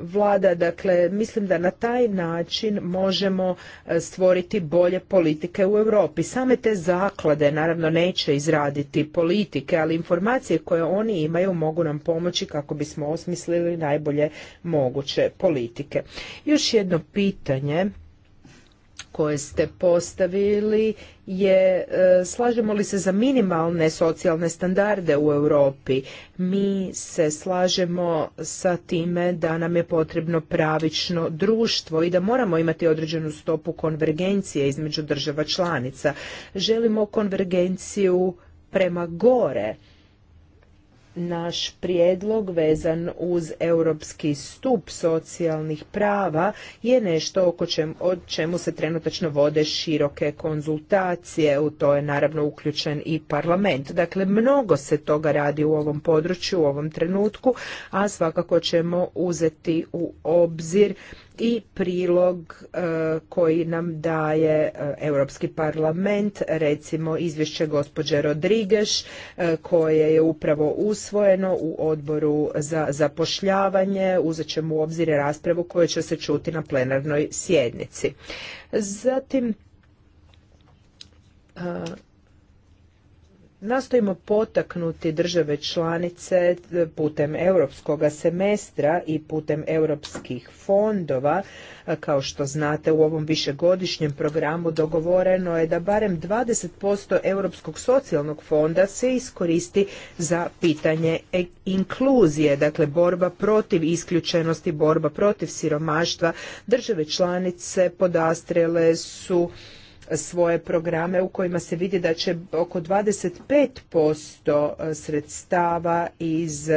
vlada. Dakle, mislim da na taj način možemo e, stvoriti bolje politike u Europi. Same te zaklade naravno neće izraditi politike, ali informacije koje oni imaju mogu nam pomoći kako bismo osmislili najbolje moguće politike. Još jedno pitanje koje ste postavili je e, slažemo li se za minimalne socijalne standarde u Europi mi se slažemo sa time da nam je potrebno pravično društvo i da moramo imati određenu stopu konvergencije između država članica želimo konvergenciju prema gore naš prijedlog vezan uz europski stup socijalnih prava je nešto oko o čemu se trenutačno vode široke konzultacije, u to je naravno uključen i parlament. Dakle, mnogo se toga radi u ovom području, u ovom trenutku, a svakako ćemo uzeti u obzir i prilog e, koji nam daje e, Europski parlament, recimo izvješće gospođe Rodrigeš e, koje je upravo usvojeno u odboru za zapošljavanje, uzet ćemo u obzir raspravu koja će se čuti na plenarnoj sjednici. Zatim, Nastojimo potaknuti države članice e, putem europskog semestra i putem europskih fondova. E, kao što znate u ovom višegodišnjem programu dogovoreno je da barem 20% europskog socijalnog fonda se iskoristi za pitanje e, inkluzije, dakle borba protiv isključenosti, borba protiv siromaštva. Države članice podastrele su svoje programe u kojima se vidi da će oko 25% e, sredstava iz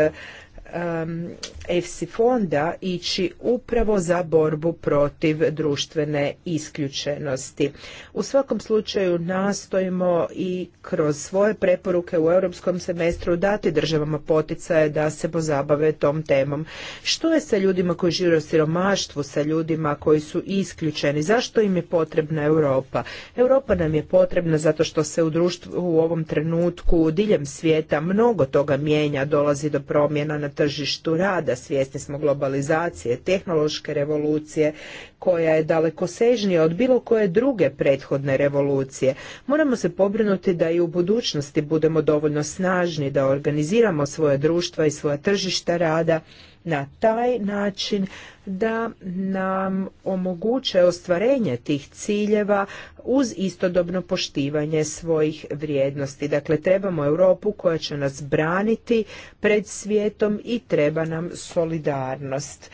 EFSI fonda ići upravo za borbu protiv društvene isključenosti. U svakom slučaju nastojimo i kroz svoje preporuke u europskom semestru dati državama poticaje da se pozabave tom temom. Što je sa ljudima koji žive u siromaštvu, sa ljudima koji su isključeni? Zašto im je potrebna Europa? Europa nam je potrebna zato što se u društvu u ovom trenutku diljem svijeta mnogo toga mijenja, dolazi do promjena na tržištu rada. Svjesni smo globalizacije, tehnološke revolucije koja je daleko sežnija od bilo koje druge prethodne revolucije. Moramo se pobrinuti da i u budućnosti budemo dovoljno snažni da organiziramo svoje društva i svoje tržišta rada na taj način da nam omoguće ostvarenje tih ciljeva uz istodobno poštivanje svojih vrijednosti. Dakle, trebamo Europu koja će nas braniti pred svijetom i treba nam solidarnost.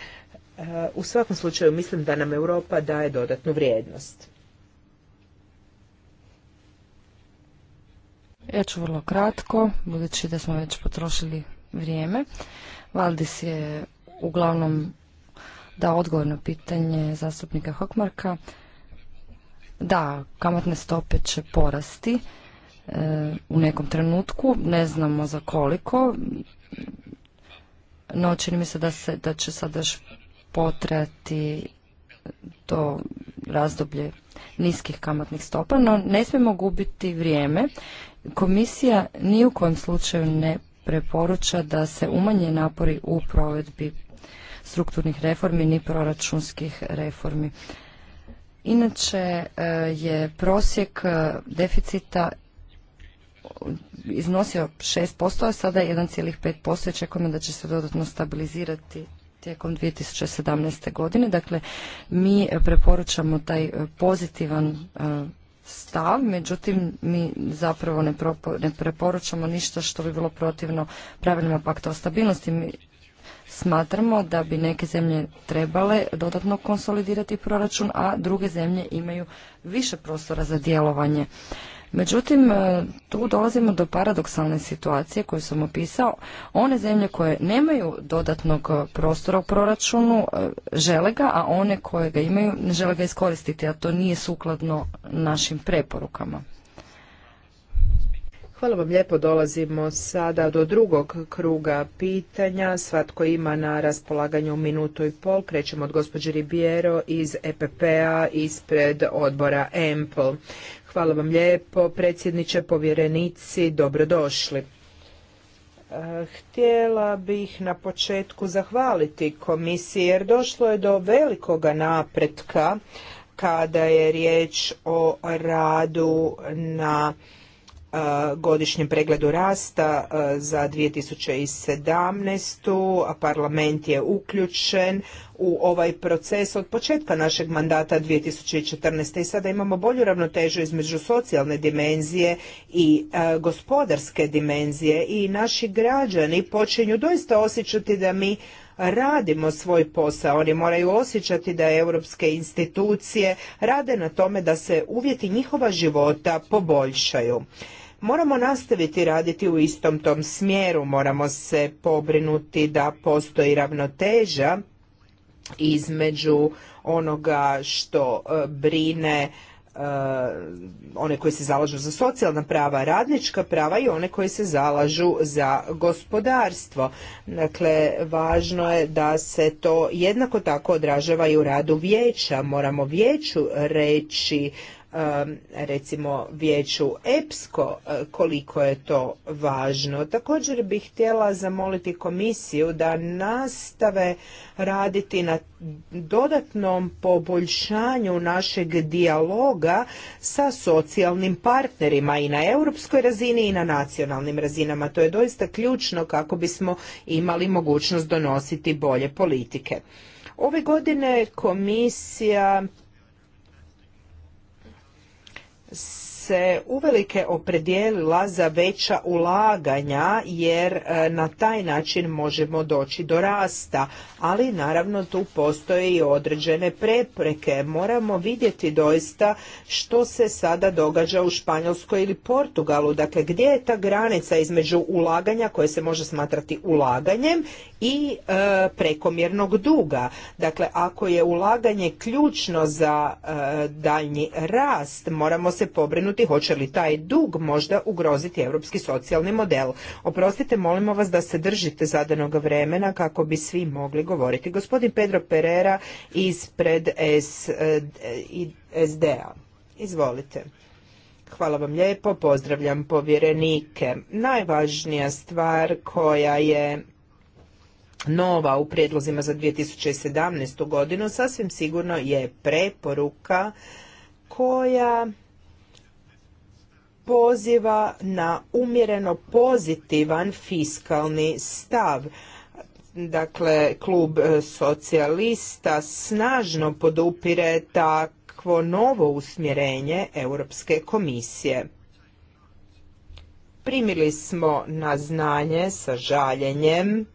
E, u svakom slučaju mislim da nam Europa daje dodatnu vrijednost. Ja ću vrlo kratko, budući da smo već potrošili vrijeme. Valdis je uglavnom dao odgovor na pitanje zastupnika Hokmarka. Da, kamatne stope će porasti e, u nekom trenutku, ne znamo za koliko, no čini mi se da, se, da će sada još potrati to razdoblje niskih kamatnih stopa, no ne smijemo gubiti vrijeme. Komisija ni u kojem slučaju ne preporuča da se umanje napori u provedbi strukturnih reformi ni proračunskih reformi. Inače e, je prosjek e, deficita iznosio 6%, a sada je 1,5%. Očekujemo da će se dodatno stabilizirati tijekom 2017. godine. Dakle, mi preporučamo taj e, pozitivan stav, međutim mi zapravo ne, preporučamo ništa što bi bilo protivno pravilima pakta o stabilnosti. Mi smatramo da bi neke zemlje trebale dodatno konsolidirati proračun, a druge zemlje imaju više prostora za djelovanje. Međutim, e, tu dolazimo do paradoksalne situacije koju sam opisao. One zemlje koje nemaju dodatnog e, prostora u proračunu e, žele ga, a one koje ga imaju ne žele ga iskoristiti, a to nije sukladno našim preporukama. Hvala vam lijepo. Dolazimo sada do drugog kruga pitanja. Svatko ima na raspolaganju minutu i pol. Krećemo od gospođe Ribiero iz EPP-a ispred odbora EMPL. Hvala vam lijepo, predsjedniče, povjerenici, dobrodošli. E, htjela bih na početku zahvaliti komisiji jer došlo je do velikoga napretka kada je riječ o radu na godišnjem pregledu rasta za 2017. Parlament je uključen u ovaj proces od početka našeg mandata 2014. i sada imamo bolju ravnotežu između socijalne dimenzije i gospodarske dimenzije i naši građani počinju doista osjećati da mi radimo svoj posao, oni moraju osjećati da europske institucije rade na tome da se uvjeti njihova života poboljšaju. Moramo nastaviti raditi u istom tom smjeru, moramo se pobrinuti da postoji ravnoteža između onoga što e, brine e, one koji se zalažu za socijalna prava, radnička prava i one koji se zalažu za gospodarstvo. Dakle, važno je da se to jednako tako odražava i u radu vijeća. Moramo vijeću reći Um, recimo vijeću EPSKO uh, koliko je to važno. Također bih htjela zamoliti komisiju da nastave raditi na dodatnom poboljšanju našeg dijaloga sa socijalnim partnerima i na europskoj razini i na nacionalnim razinama. To je doista ključno kako bismo imali mogućnost donositi bolje politike. Ove godine komisija Hvala se uvelike opredijelila za veća ulaganja jer e, na taj način možemo doći do rasta, ali naravno tu postoje i određene prepreke. Moramo vidjeti doista što se sada događa u Španjolskoj ili Portugalu, dakle gdje je ta granica između ulaganja koje se može smatrati ulaganjem i e, prekomjernog duga. Dakle, ako je ulaganje ključno za e, daljnji rast, moramo se pobrinuti hoće li taj dug možda ugroziti europski socijalni model. Oprostite, molimo vas da se držite zadanog vremena kako bi svi mogli govoriti. Gospodin Pedro Pereira ispred SDA. sda Izvolite. Hvala vam lijepo, pozdravljam povjerenike. Najvažnija stvar koja je nova u prijedlozima za 2017. godinu sasvim sigurno je preporuka koja poziva na umjereno pozitivan fiskalni stav dakle klub e, socijalista snažno podupire takvo novo usmjerenje Europske komisije. Primili smo na znanje sa žaljenjem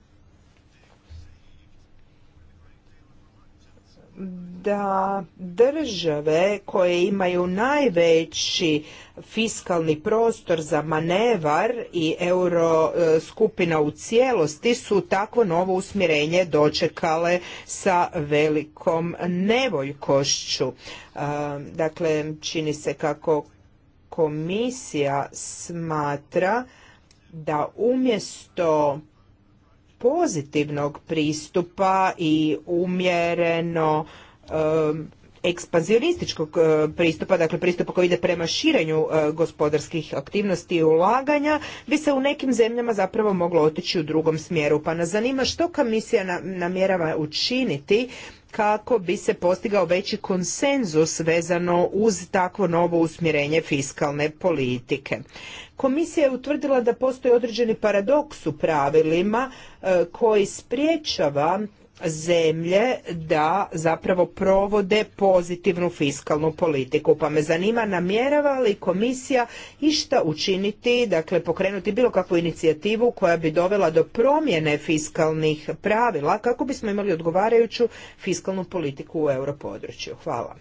da države koje imaju najveći fiskalni prostor za manevar i euro e, skupina u cijelosti su takvo novo usmjerenje dočekale sa velikom nevoljkošću. E, dakle, čini se kako komisija smatra da umjesto pozitivnog pristupa i umjereno um, ekspanzionističkog uh, pristupa, dakle pristupa koji ide prema širenju uh, gospodarskih aktivnosti i ulaganja, bi se u nekim zemljama zapravo moglo otići u drugom smjeru. Pa nas zanima što komisija namjerava učiniti kako bi se postigao veći konsenzus vezano uz takvo novo usmjerenje fiskalne politike. Komisija je utvrdila da postoji određeni paradoks u pravilima e, koji spriječava zemlje da zapravo provode pozitivnu fiskalnu politiku. Pa me zanima namjerava li komisija išta učiniti, dakle pokrenuti bilo kakvu inicijativu koja bi dovela do promjene fiskalnih pravila kako bismo imali odgovarajuću fiskalnu politiku u europodručju. Hvala.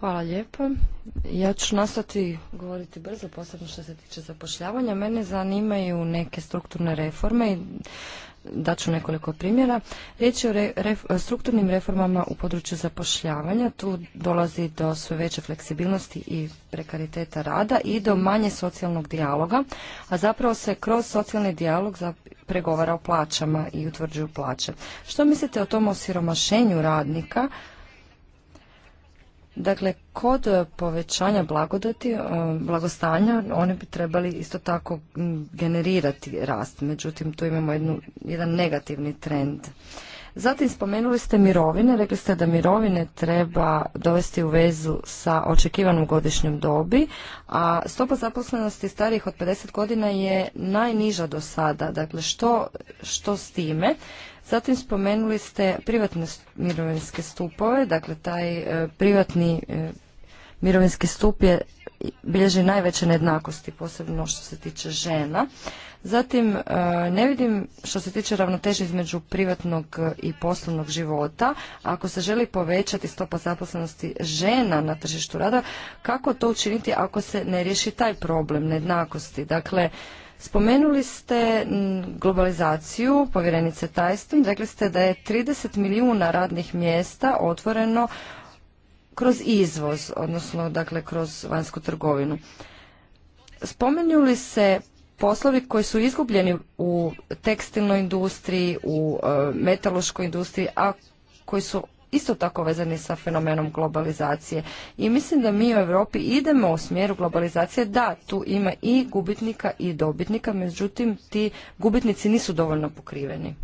Hvala lijepo. Ja ću nastati govoriti brzo, posebno što se tiče zapošljavanja. Mene zanimaju neke strukturne reforme i daću nekoliko primjera. Riječ je o strukturnim reformama u području zapošljavanja. Tu dolazi do sve veće fleksibilnosti i prekariteta rada i do manje socijalnog dijaloga, a zapravo se kroz socijalni dijalog pregovara o plaćama i utvrđuju plaće. Što mislite o tom osiromašenju radnika Dakle, kod e, povećanja blagodati, e, blagostanja, oni bi trebali isto tako generirati rast. Međutim, tu imamo jednu, jedan negativni trend. Zatim spomenuli ste mirovine, rekli ste da mirovine treba dovesti u vezu sa očekivanom godišnjom dobi, a stopa zaposlenosti starijih od 50 godina je najniža do sada. Dakle, što, što s time? Zatim spomenuli ste privatne mirovinske stupove, dakle taj e, privatni e, mirovinski stup je bilježi najveće nejednakosti, posebno što se tiče žena. Zatim, e, ne vidim što se tiče ravnoteže između privatnog i poslovnog života. Ako se želi povećati stopa zaposlenosti žena na tržištu rada, kako to učiniti ako se ne riješi taj problem nejednakosti? Dakle, Spomenuli ste globalizaciju, povjerenice Tajstom, rekli ste da je 30 milijuna radnih mjesta otvoreno kroz izvoz, odnosno dakle kroz vanjsku trgovinu. Spomenuli se poslovi koji su izgubljeni u tekstilnoj industriji, u e, metaloškoj industriji, a koji su isto tako vezani sa fenomenom globalizacije. I mislim da mi u Europi idemo u smjeru globalizacije. Da, tu ima i gubitnika i dobitnika, međutim ti gubitnici nisu dovoljno pokriveni.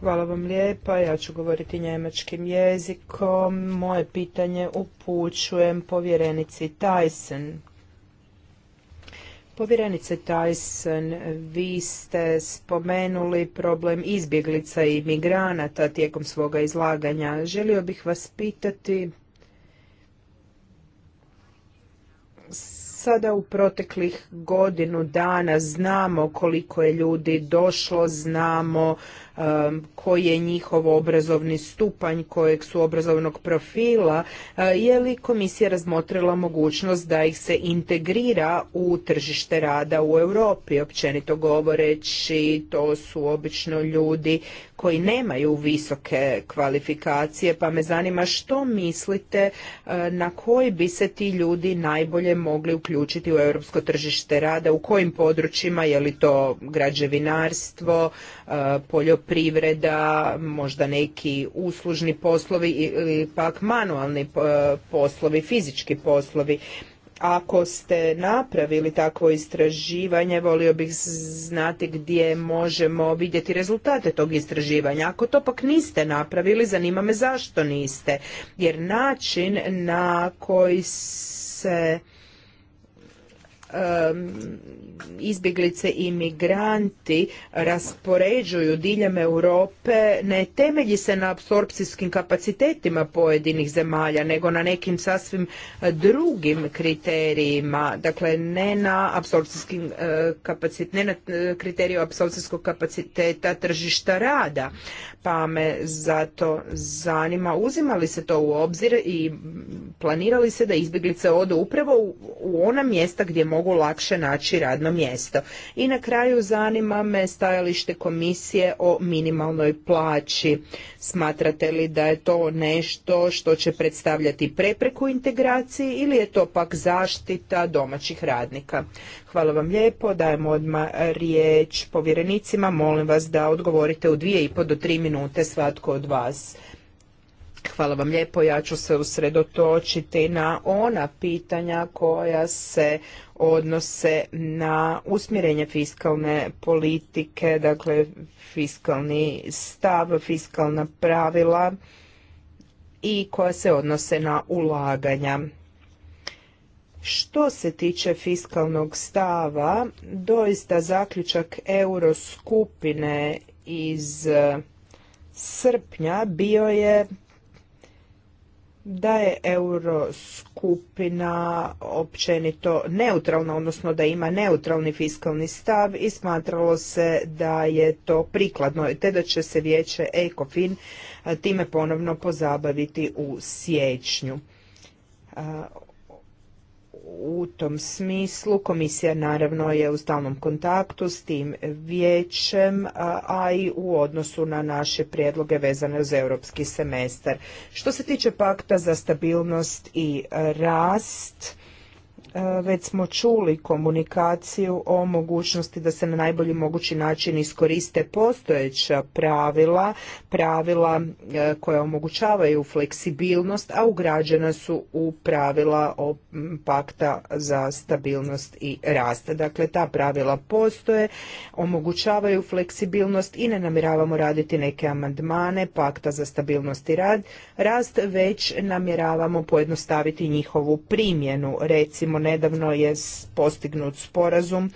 Hvala vam lijepa. Ja ću govoriti njemačkim jezikom. Moje pitanje upućujem povjerenici Tyson Povjerenice Tyson, vi ste spomenuli problem izbjeglica i migranata tijekom svoga izlaganja. Želio bih vas pitati sada u proteklih godinu dana znamo koliko je ljudi došlo, znamo Um, koji je njihov obrazovni stupanj, kojeg su obrazovnog profila, uh, je li komisija razmotrila mogućnost da ih se integrira u tržište rada u Europi, općenito govoreći to su obično ljudi koji nemaju visoke kvalifikacije, pa me zanima što mislite uh, na koji bi se ti ljudi najbolje mogli uključiti u europsko tržište rada, u kojim područjima, je li to građevinarstvo, uh, poljoprivredno, privreda, možda neki uslužni poslovi ili pak manualni e, poslovi, fizički poslovi. Ako ste napravili takvo istraživanje, volio bih znati gdje možemo vidjeti rezultate tog istraživanja. Ako to pak niste napravili, zanima me zašto niste. Jer način na koji se izbjeglice i migranti raspoređuju diljem Europe ne temelji se na apsorpcijskim kapacitetima pojedinih zemalja, nego na nekim sasvim e, drugim kriterijima, dakle ne na apsorpcijskim e, ne na e, kriteriju apsorpcijskog kapaciteta tržišta rada. Pa me zato zanima, uzima li se to u obzir i planirali se da izbjeglice odu upravo u ona mjesta gdje mogu mogu lakše naći radno mjesto. I na kraju zanima me stajalište komisije o minimalnoj plaći. Smatrate li da je to nešto što će predstavljati prepreku integraciji ili je to pak zaštita domaćih radnika? Hvala vam lijepo, dajemo odmah riječ povjerenicima, molim vas da odgovorite u dvije i po do tri minute svatko od vas. Hvala vam lijepo. Ja ću se usredotočiti na ona pitanja koja se odnose na usmjerenje fiskalne politike, dakle fiskalni stav, fiskalna pravila i koja se odnose na ulaganja. Što se tiče fiskalnog stava, doista zaključak euroskupine iz srpnja bio je da je euroskupina općenito neutralna, odnosno da ima neutralni fiskalni stav i smatralo se da je to prikladno, te da će se vijeće ECOFIN time ponovno pozabaviti u siječnju u tom smislu komisija naravno je u stalnom kontaktu s tim vijećem, a i u odnosu na naše prijedloge vezane uz europski semestar. Što se tiče pakta za stabilnost i rast, E, već smo čuli komunikaciju o mogućnosti da se na najbolji mogući način iskoriste postojeća pravila, pravila e, koja omogućavaju fleksibilnost, a ugrađena su u pravila pakta za stabilnost i rast. Dakle, ta pravila postoje, omogućavaju fleksibilnost i ne namjeravamo raditi neke amandmane pakta za stabilnost i rast, već namjeravamo pojednostaviti njihovu primjenu, recimo nedavno je postignut sporazum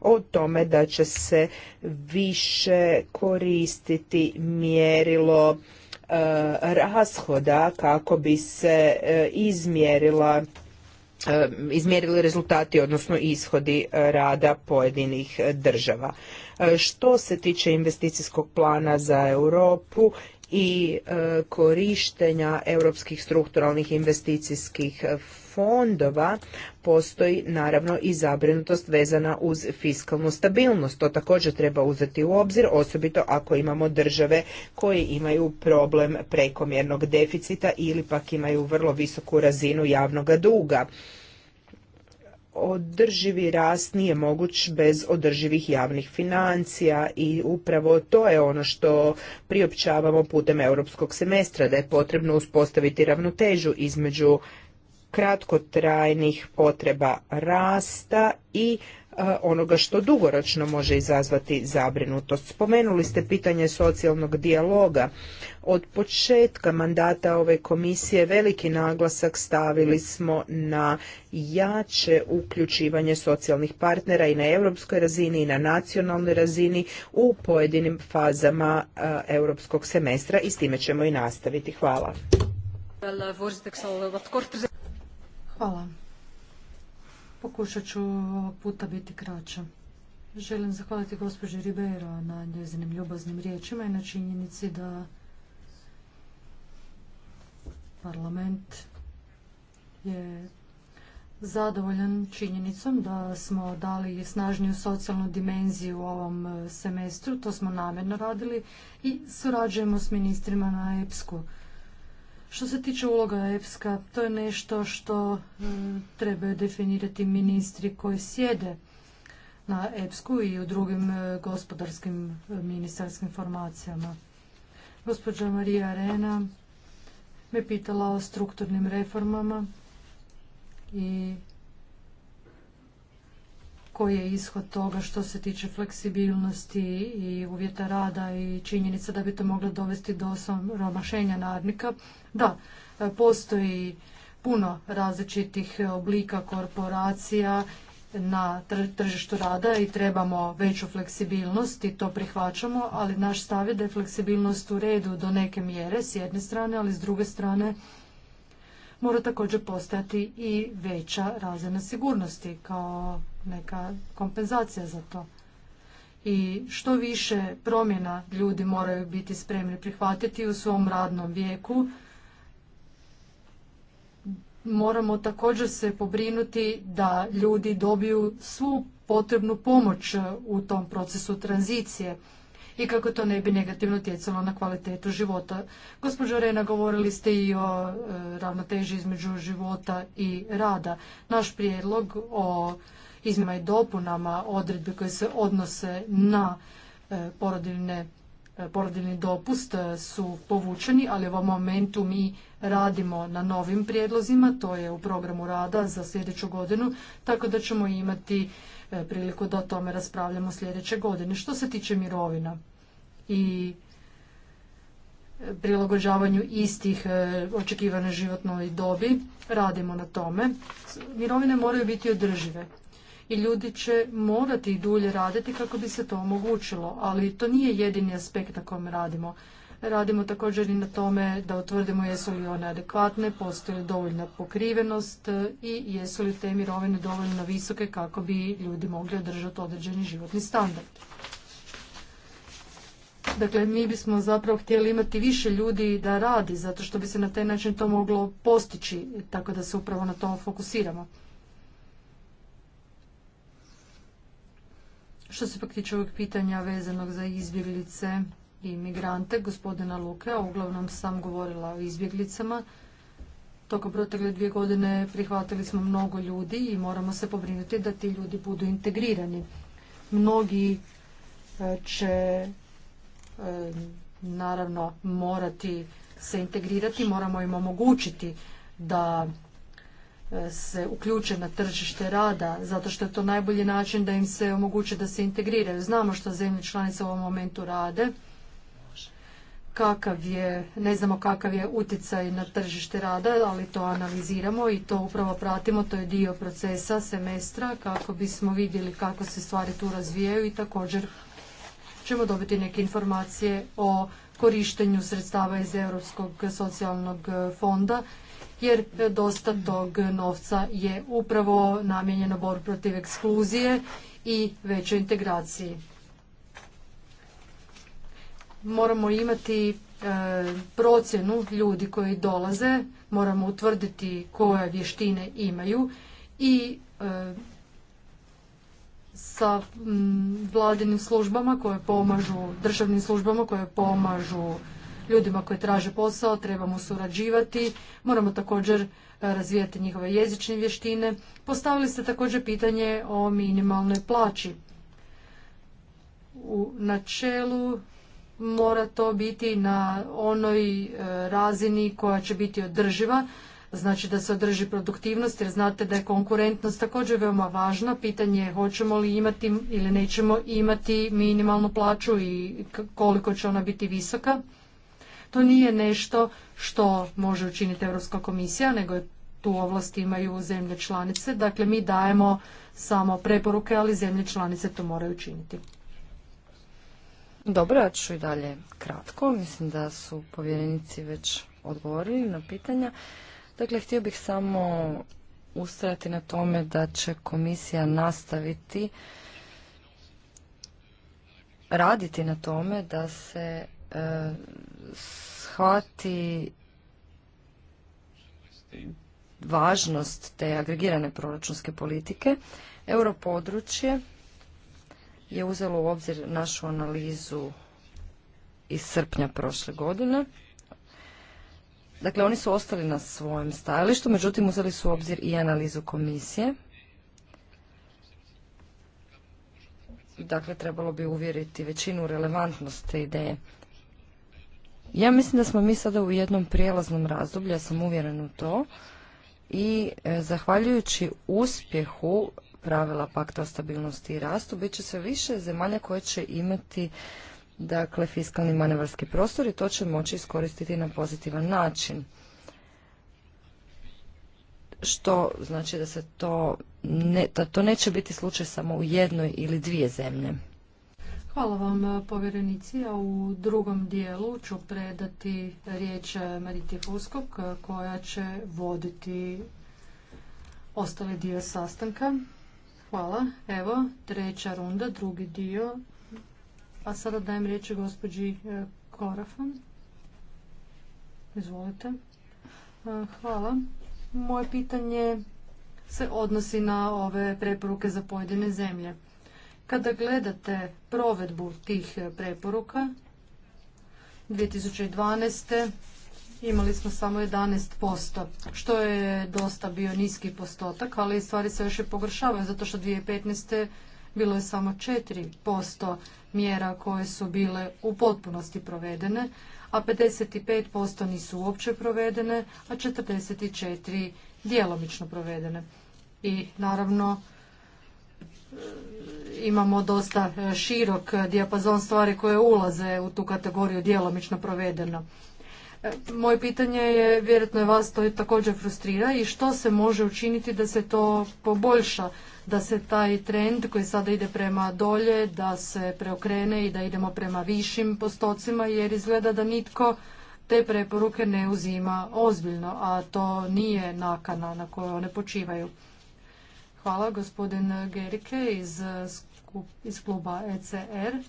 o tome da će se više koristiti mjerilo e, rashoda kako bi se e, izmjerila e, izmjerili rezultati odnosno ishodi rada pojedinih država. Što se tiče investicijskog plana za Europu i korištenja europskih strukturalnih investicijskih fondova postoji naravno i zabrinutost vezana uz fiskalnu stabilnost. To također treba uzeti u obzir, osobito ako imamo države koje imaju problem prekomjernog deficita ili pak imaju vrlo visoku razinu javnog duga održivi rast nije moguć bez održivih javnih financija i upravo to je ono što priopćavamo putem europskog semestra da je potrebno uspostaviti ravnotežu između kratkotrajnih potreba rasta i e, onoga što dugoročno može izazvati zabrinutost. Spomenuli ste pitanje socijalnog dijaloga. Od početka mandata ove komisije veliki naglasak stavili smo na jače uključivanje socijalnih partnera i na europskoj razini i na nacionalnoj razini u pojedinim fazama e, europskog semestra i s time ćemo i nastaviti. Hvala. Hvala. Pokušat ću puta biti kraća. Želim zahvaliti gospođi Ribeiro na njezinim ljubaznim riječima i na činjenici da parlament je zadovoljan činjenicom da smo dali snažniju socijalnu dimenziju u ovom eh, semestru, to smo namjerno radili i surađujemo s ministrima na EPSKU što se tiče uloga EPSKA, to je nešto što mm, trebaju definirati ministri koji sjede na EPSKU i u drugim e, gospodarskim e, ministarskim formacijama. Gospođa Marija Arena me pitala o strukturnim reformama i koji je ishod toga što se tiče fleksibilnosti i uvjeta rada i činjenica da bi to moglo dovesti do romašenja radnika. Da, e, postoji puno različitih oblika korporacija na tržištu rada i trebamo veću fleksibilnost i to prihvaćamo, ali naš stav je da je fleksibilnost u redu do neke mjere s jedne strane, ali s druge strane mora također postojati i veća razina sigurnosti kao neka kompenzacija za to. I što više promjena ljudi moraju biti spremni prihvatiti u svom radnom vijeku, moramo također se pobrinuti da ljudi dobiju svu potrebnu pomoć u tom procesu tranzicije i kako to ne bi negativno utjecalo na kvalitetu života. Gospođo Rena, govorili ste i o e, ravnoteži između života i rada. Naš prijedlog o izmjenama i dopunama odredbi koje se odnose na e, porodiljne e, porodiljni dopust su povučeni, ali u ovom momentu mi radimo na novim prijedlozima, to je u programu rada za sljedeću godinu, tako da ćemo imati E, priliku da o tome raspravljamo sljedeće godine. Što se tiče mirovina i e, prilagođavanju istih e, očekivane životnoj dobi, radimo na tome. Mirovine moraju biti održive i ljudi će morati dulje raditi kako bi se to omogućilo, ali to nije jedini aspekt na kojem radimo. Radimo također i na tome da utvrdimo jesu li one adekvatne, postoji li dovoljna pokrivenost e, i jesu li te mirovine dovoljno visoke kako bi ljudi mogli održati određeni životni standard. Dakle, mi bismo zapravo htjeli imati više ljudi da radi, zato što bi se na taj način to moglo postići, tako da se upravo na to fokusiramo. Što se pak tiče ovog pitanja vezanog za izbjeglice, i migrante, gospodina Luke, uglavnom sam govorila o izbjeglicama. Toko protekle dvije godine prihvatili smo mnogo ljudi i moramo se pobrinuti da ti ljudi budu integrirani. Mnogi e, će e, naravno morati se integrirati, moramo im omogućiti da e, se uključe na tržište rada, zato što je to najbolji način da im se omogući da se integriraju. Znamo što zemlje članice u ovom momentu rade kakav je, ne znamo kakav je utjecaj na tržište rada, ali to analiziramo i to upravo pratimo, to je dio procesa semestra kako bismo vidjeli kako se stvari tu razvijaju i također ćemo dobiti neke informacije o korištenju sredstava iz Europskog socijalnog fonda jer dosta tog novca je upravo namijenjeno borbi protiv ekskluzije i većoj integraciji moramo imati e, procjenu ljudi koji dolaze, moramo utvrditi koje vještine imaju i e, sa vladinim službama koje pomažu, državnim službama koje pomažu ljudima koji traže posao, trebamo surađivati, moramo također e, razvijati njihove jezične vještine. Postavili ste također pitanje o minimalnoj plaći. U načelu mora to biti na onoj e, razini koja će biti održiva, znači da se održi produktivnost jer znate da je konkurentnost također veoma važna. Pitanje je hoćemo li imati ili nećemo imati minimalnu plaću i koliko će ona biti visoka. To nije nešto što može učiniti Europska komisija, nego tu ovlast imaju zemlje članice. Dakle, mi dajemo samo preporuke, ali zemlje članice to moraju učiniti. Dobro, ja ću i dalje kratko. Mislim da su povjerenici već odgovorili na pitanja. Dakle, htio bih samo ustrajati na tome da će komisija nastaviti raditi na tome da se e, shvati važnost te agregirane proračunske politike. Europodručje je uzelo u obzir našu analizu iz srpnja prošle godine. Dakle, oni su ostali na svojem stajalištu, međutim uzeli su u obzir i analizu komisije. Dakle, trebalo bi uvjeriti većinu relevantnost te ideje. Ja mislim da smo mi sada u jednom prijelaznom razdoblju, ja sam uvjeren u to, i e, zahvaljujući uspjehu pravila pakta o stabilnosti i rastu, bit će sve više zemalja koje će imati dakle, fiskalni manevarski prostor i to će moći iskoristiti na pozitivan način. Što znači da se to, ne, to neće biti slučaj samo u jednoj ili dvije zemlje. Hvala vam povjerenici, a u drugom dijelu ću predati riječ Mariti Fuskog koja će voditi ostali dio sastanka. Hvala. Evo, treća runda, drugi dio. A sada dajem riječ gospođi e, Korafan. Izvolite. E, hvala. Moje pitanje se odnosi na ove preporuke za pojedine zemlje. Kada gledate provedbu tih preporuka, 2012 imali smo samo 11%, što je dosta bio niski postotak, ali stvari se još i pogoršavaju, zato što 2015. bilo je samo 4% mjera koje su bile u potpunosti provedene, a 55% nisu uopće provedene, a 44% djelomično provedene. I naravno, e, imamo dosta e, širok dijapazon stvari koje ulaze u tu kategoriju djelomično provedeno. E, moje pitanje je, vjerojatno je vas to također frustrira i što se može učiniti da se to poboljša, da se taj trend koji sada ide prema dolje, da se preokrene i da idemo prema višim postocima jer izgleda da nitko te preporuke ne uzima ozbiljno, a to nije nakana na kojoj one počivaju. Hvala gospodin Gerike iz, iz kluba ECR.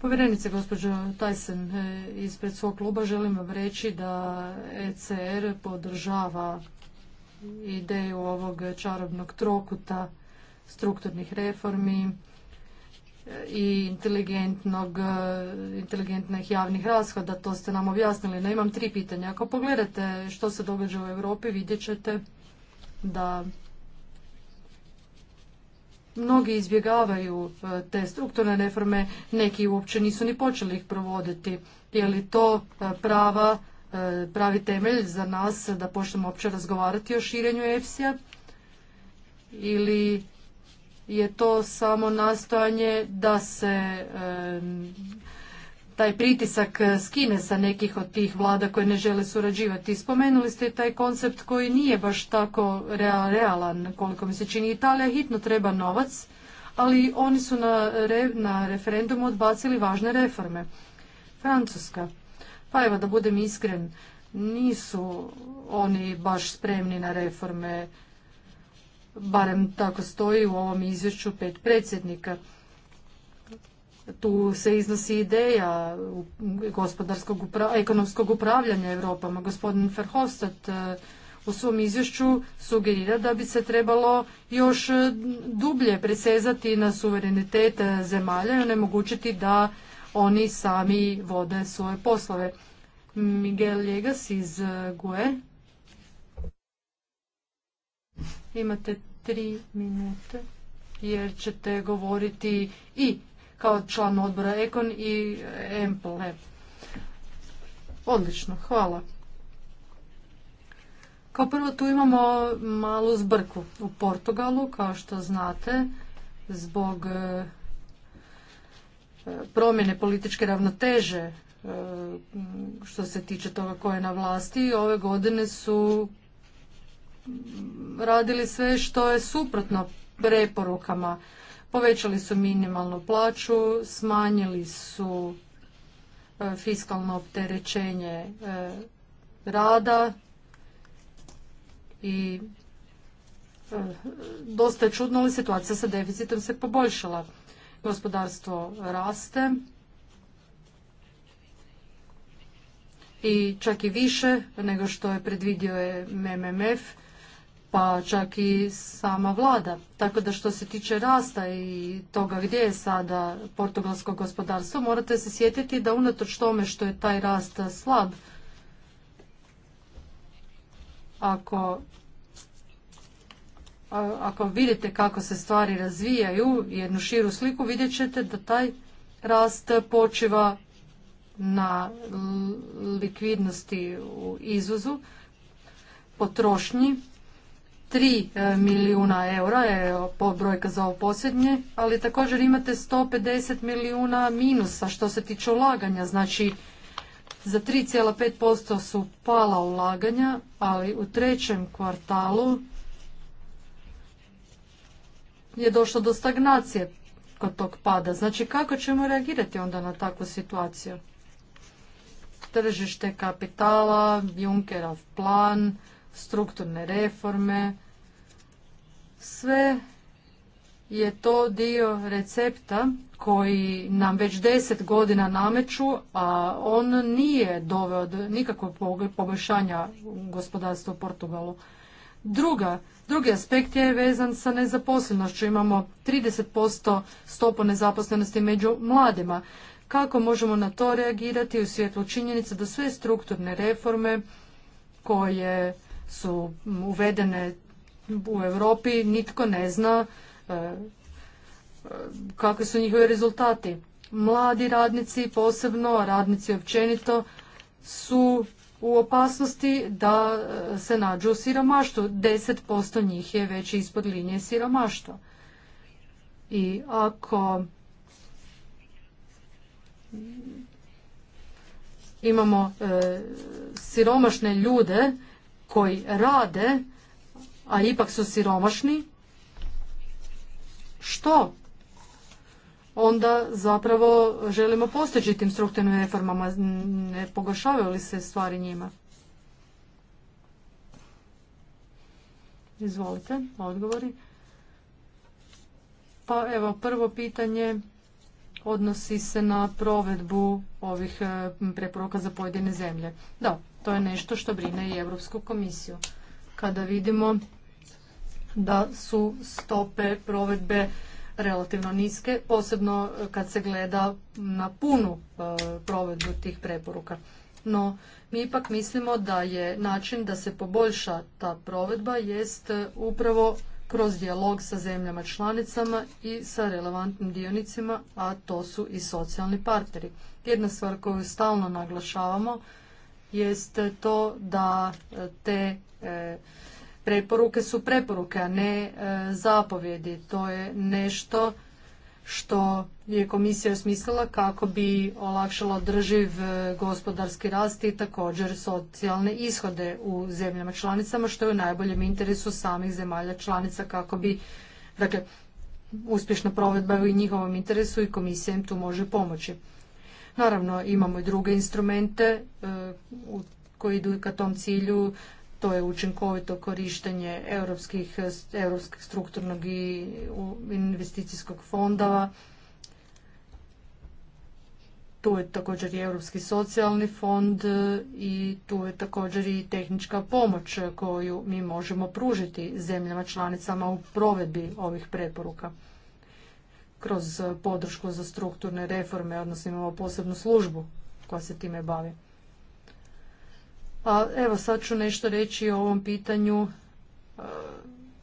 Povjerenice, gospođo Tyson, e, ispred svog kluba želim vam reći da ECR podržava ideju ovog čarobnog trokuta strukturnih reformi e, i inteligentnog, e, inteligentnih javnih rashoda. To ste nam objasnili. nemam imam tri pitanja. Ako pogledate što se događa u Europi, vidjet ćete da mnogi izbjegavaju e, te strukturne reforme, neki uopće nisu ni počeli ih provoditi. Je li to e, prava, e, pravi temelj za nas da počnemo uopće razgovarati o širenju EFSI-a? Ili je to samo nastojanje da se taj pritisak eh, skine sa nekih od tih vlada koje ne žele surađivati. Spomenuli ste taj koncept koji nije baš tako realan, koliko mi se čini. Italija hitno treba novac, ali oni su na, na referendumu odbacili važne reforme. Francuska. Pa evo da budem iskren, nisu oni baš spremni na reforme, barem tako stoji u ovom izvješću pet predsjednika tu se iznosi ideja gospodarskog, ekonomskog upravljanja Europama. Gospodin Ferhostat e, u svom izvješću sugerira da bi se trebalo još dublje presezati na suverenitet zemalja i onemogućiti da oni sami vode svoje poslove. Miguel Ljegas iz e, GUE. Imate tri minute jer ćete govoriti i kao član odbora Ekon i Empole. Odlično, hvala. Kao prvo tu imamo malu zbrku u Portugalu, kao što znate, zbog e, e, promjene političke ravnoteže e, što se tiče toga ko je na vlasti. Ove godine su radili sve što je suprotno preporukama Povećali su minimalnu plaću, smanjili su e, fiskalno opterećenje e, rada i e, dosta je čudno, ali situacija sa deficitom se poboljšala. Gospodarstvo raste i čak i više nego što je predvidio je MMF pa čak i sama vlada. Tako da što se tiče rasta i toga gdje je sada portugalsko gospodarstvo, morate se sjetiti da unatoč tome što je taj rast slab, ako ako vidite kako se stvari razvijaju, jednu širu sliku, vidjet ćete da taj rast počiva na likvidnosti u izvozu potrošnji 3 e, milijuna eura je brojka za ovo posljednje, ali također imate 150 milijuna minusa što se tiče ulaganja. Znači za 3,5% su pala ulaganja, ali u trećem kvartalu je došlo do stagnacije kod tog pada. Znači kako ćemo reagirati onda na takvu situaciju? Tržište kapitala, Junckerov plan, strukturne reforme, sve je to dio recepta koji nam već deset godina nameću, a on nije doveo do nikakvog poboljšanja gospodarstva u Portugalu. Druga, drugi aspekt je vezan sa nezaposlenošću. Imamo 30% stopu nezaposlenosti među mladima. Kako možemo na to reagirati u svjetlu činjenice da sve strukturne reforme koje su uvedene u Europi, nitko ne zna e, e, kakvi su njihovi rezultati. Mladi radnici posebno, radnici općenito, su u opasnosti da e, se nađu u siromaštvu. 10% njih je već ispod linije siromaštva. I ako imamo siromašne ljude koji rade, a ipak su siromašni, što onda zapravo želimo postići tim strukturnim reformama? Ne pogoršavaju li se stvari njima? Izvolite, odgovori. Pa evo, prvo pitanje odnosi se na provedbu ovih eh, preporuka za pojedine zemlje. Da, to je nešto što brine i Europsku komisiju. Kada vidimo da su stope provedbe relativno niske, posebno eh, kad se gleda na punu eh, provedbu tih preporuka. No, mi ipak mislimo da je način da se poboljša ta provedba jest eh, upravo kroz dijalog sa zemljama članicama i sa relevantnim dionicima, a to su i socijalni partneri. Jedna stvar koju stalno naglašavamo jest to da e, te e, preporuke su preporuke, a ne e, zapovjedi. To je nešto što je komisija osmislila kako bi olakšalo održiv gospodarski rast i također socijalne ishode u zemljama članicama, što je u najboljem interesu samih zemalja članica kako bi, dakle, uspješna provedba u njihovom interesu i komisija im tu može pomoći. Naravno, imamo i druge instrumente e, koji idu ka tom cilju. To je učinkovito korištenje europskih, europskih strukturnog i investicijskog fondova. Tu je također i Europski socijalni fond e, i tu je također i tehnička pomoć koju mi možemo pružiti zemljama članicama u provedbi ovih preporuka kroz podršku za strukturne reforme, odnosno imamo posebnu službu koja se time bavi. pa evo sad ću nešto reći o ovom pitanju e,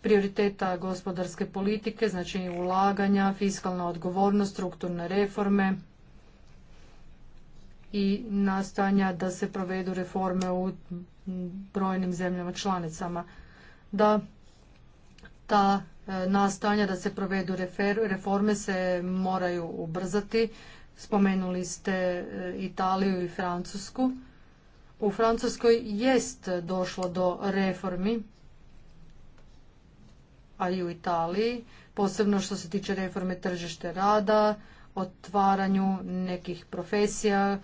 prioriteta gospodarske politike, znači ulaganja, fiskalna odgovornost, strukturne reforme i nastojanja da se provedu reforme u brojnim zemljama članicama. Da ta E, nastojanja da se provedu reforme se moraju ubrzati. Spomenuli ste e, Italiju i Francusku. U Francuskoj jest došlo do reformi, a i u Italiji, posebno što se tiče reforme tržište rada, otvaranju nekih profesija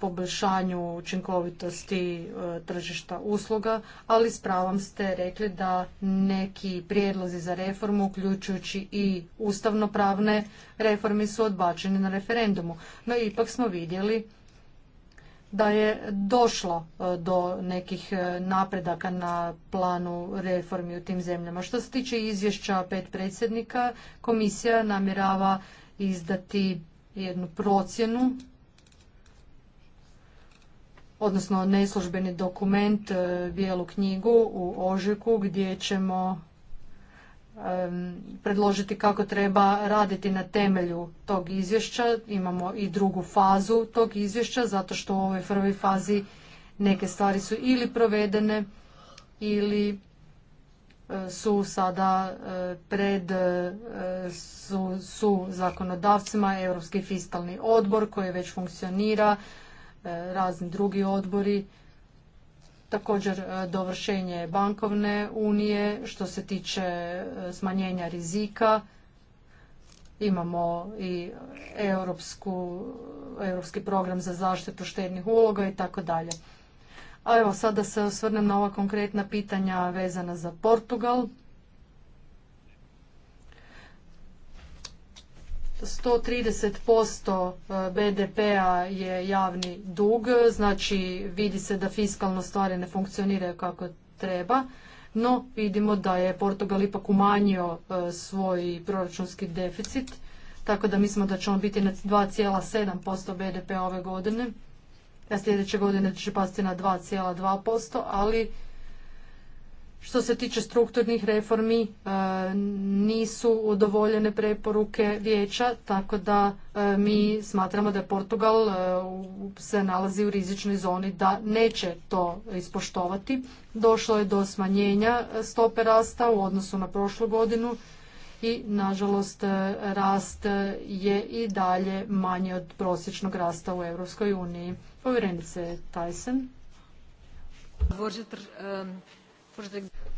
poboljšanju učinkovitosti e, tržišta usluga, ali s pravom ste rekli da neki prijedlozi za reformu, uključujući i ustavnopravne reforme, su odbačeni na referendumu. No ipak smo vidjeli da je došlo e, do nekih e, napredaka na planu reformi u tim zemljama. Što se tiče izvješća pet predsjednika, komisija namjerava izdati jednu procjenu odnosno neslužbeni dokument, e, bijelu knjigu u ožiku gdje ćemo predložiti kako treba raditi na temelju tog izvješća. Imamo i drugu fazu tog izvješća zato što u ovoj prvoj fazi neke stvari su ili provedene ili e, su sada e, pred su, su zakonodavcima Europski fiskalni odbor koji već funkcionira E, razni drugi odbori, također e, dovršenje bankovne unije što se tiče e, smanjenja rizika, imamo i europsku, europski program za zaštitu štednih uloga i tako dalje. A evo sada se osvrnem na ova konkretna pitanja vezana za Portugal. 130% e, BDP-a je javni dug, znači vidi se da fiskalno stvari ne funkcioniraju kako treba, no vidimo da je Portugal ipak umanjio e, svoj proračunski deficit, tako da mislimo da će on biti na 2,7% BDP p-a ove godine, a sljedeće godine će pasti na 2,2%, ali što se tiče strukturnih reformi, e, nisu udovoljene preporuke vijeća, tako da e, mi smatramo da je Portugal e, se nalazi u rizičnoj zoni da neće to ispoštovati. Došlo je do smanjenja stope rasta u odnosu na prošlu godinu i nažalost rast je i dalje manji od prosječnog rasta u Europskoj uniji. Povjerenice Tyson.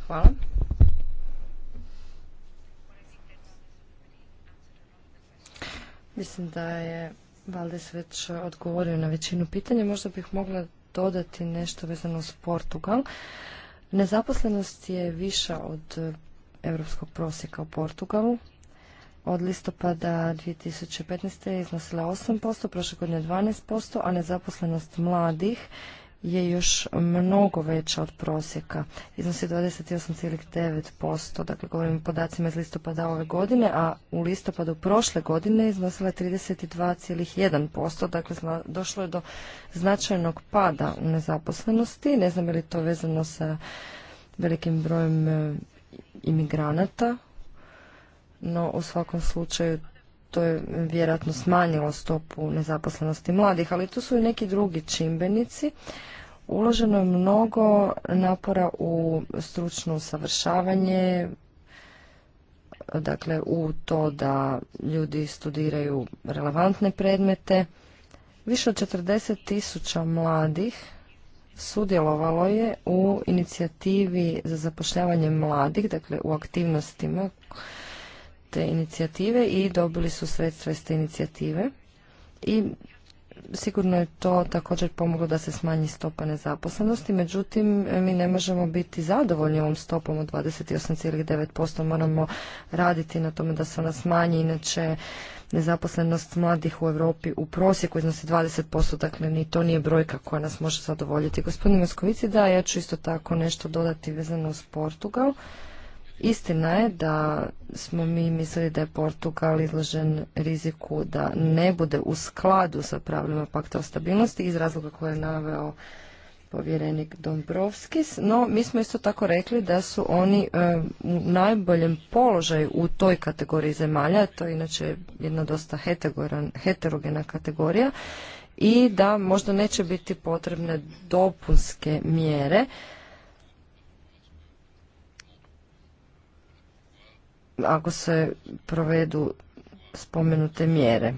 Hvala. Mislim da je Valdes već odgovorio na većinu pitanja. Možda bih mogla dodati nešto vezano s Portugal. Nezaposlenost je viša od europskog prosjeka u Portugalu. Od listopada 2015. je iznosila 8%, prošle godine 12%, a nezaposlenost mladih je još mnogo veća od prosjeka. Iznosi 28,9%, dakle govorim o podacima iz listopada ove godine, a u listopadu prošle godine iznosila je 32,1%, dakle došlo je do značajnog pada u nezaposlenosti. Ne znam je li to vezano sa velikim brojem e, imigranata, no u svakom slučaju to je vjerojatno smanjilo stopu nezaposlenosti mladih, ali tu su i neki drugi čimbenici. Uloženo je mnogo napora u stručno usavršavanje, dakle u to da ljudi studiraju relevantne predmete. Više od 40 tisuća mladih sudjelovalo je u inicijativi za zapošljavanje mladih, dakle u aktivnostima te inicijative i dobili su sredstva iz te inicijative. I sigurno je to također pomoglo da se smanji stopa nezaposlenosti, međutim mi ne možemo biti zadovoljni ovom stopom od 28,9%, moramo raditi na tome da se ona smanji, inače nezaposlenost mladih u Europi u prosjeku iznosi 20%, dakle ni to nije brojka koja nas može zadovoljiti. Gospodin Moskovici, da, ja ću isto tako nešto dodati vezano uz Portugal. Istina je da smo mi mislili da je Portugal izložen riziku da ne bude u skladu sa pravilima pakta o stabilnosti iz razloga koje je naveo povjerenik Dombrovskis, no mi smo isto tako rekli da su oni e, u najboljem položaju u toj kategoriji zemalja, to je inače jedna dosta heterogena kategorija, i da možda neće biti potrebne dopunske mjere, ako se provedu spomenute mjere.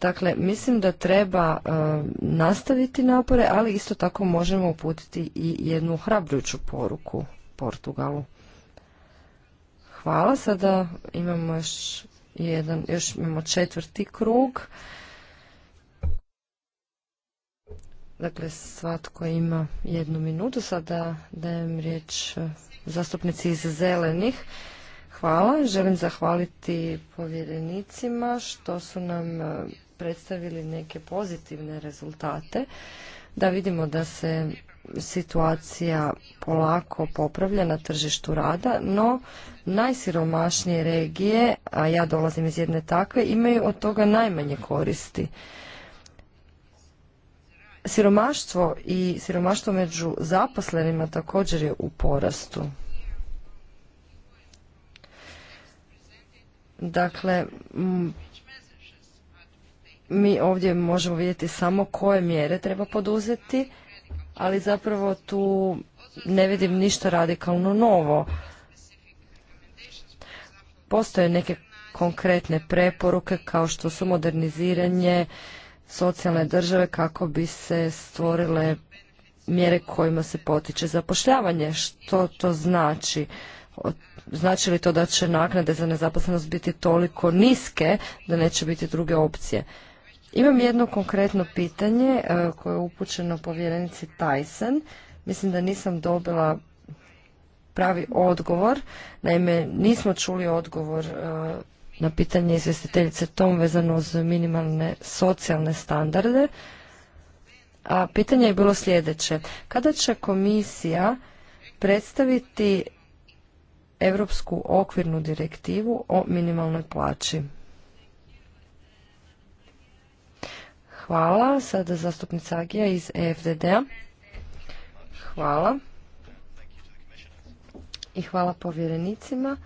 Dakle, mislim da treba e, nastaviti napore, ali isto tako možemo uputiti i jednu hrabrujuću poruku Portugalu. Hvala, sada imamo još jedan, još imamo četvrti krug. Dakle, svatko ima jednu minutu, sada dajem riječ zastupnici iz Zelenih. Hvala. Želim zahvaliti povjerenicima što su nam e, predstavili neke pozitivne rezultate. Da vidimo da se situacija polako popravlja na tržištu rada, no najsiromašnije regije, a ja dolazim iz jedne takve, imaju od toga najmanje koristi. Siromaštvo i siromaštvo među zaposlenima također je u porastu. Dakle, mi ovdje možemo vidjeti samo koje mjere treba poduzeti, ali zapravo tu ne vidim ništa radikalno novo. Postoje neke konkretne preporuke kao što su moderniziranje socijalne države kako bi se stvorile mjere kojima se potiče zapošljavanje. Što to znači? Znači li to da će naknade za nezaposlenost biti toliko niske da neće biti druge opcije? Imam jedno konkretno pitanje e, koje je upućeno povjerenici Tyson. Mislim da nisam dobila pravi odgovor. Naime, nismo čuli odgovor e, na pitanje izvjestiteljice Tom vezano uz minimalne socijalne standarde. A pitanje je bilo sljedeće. Kada će komisija predstaviti Europsku okvirnu direktivu o minimalnoj plaći? Hvala. Sada zastupnica Agija iz EFDD-a. Hvala. I hvala povjerenicima.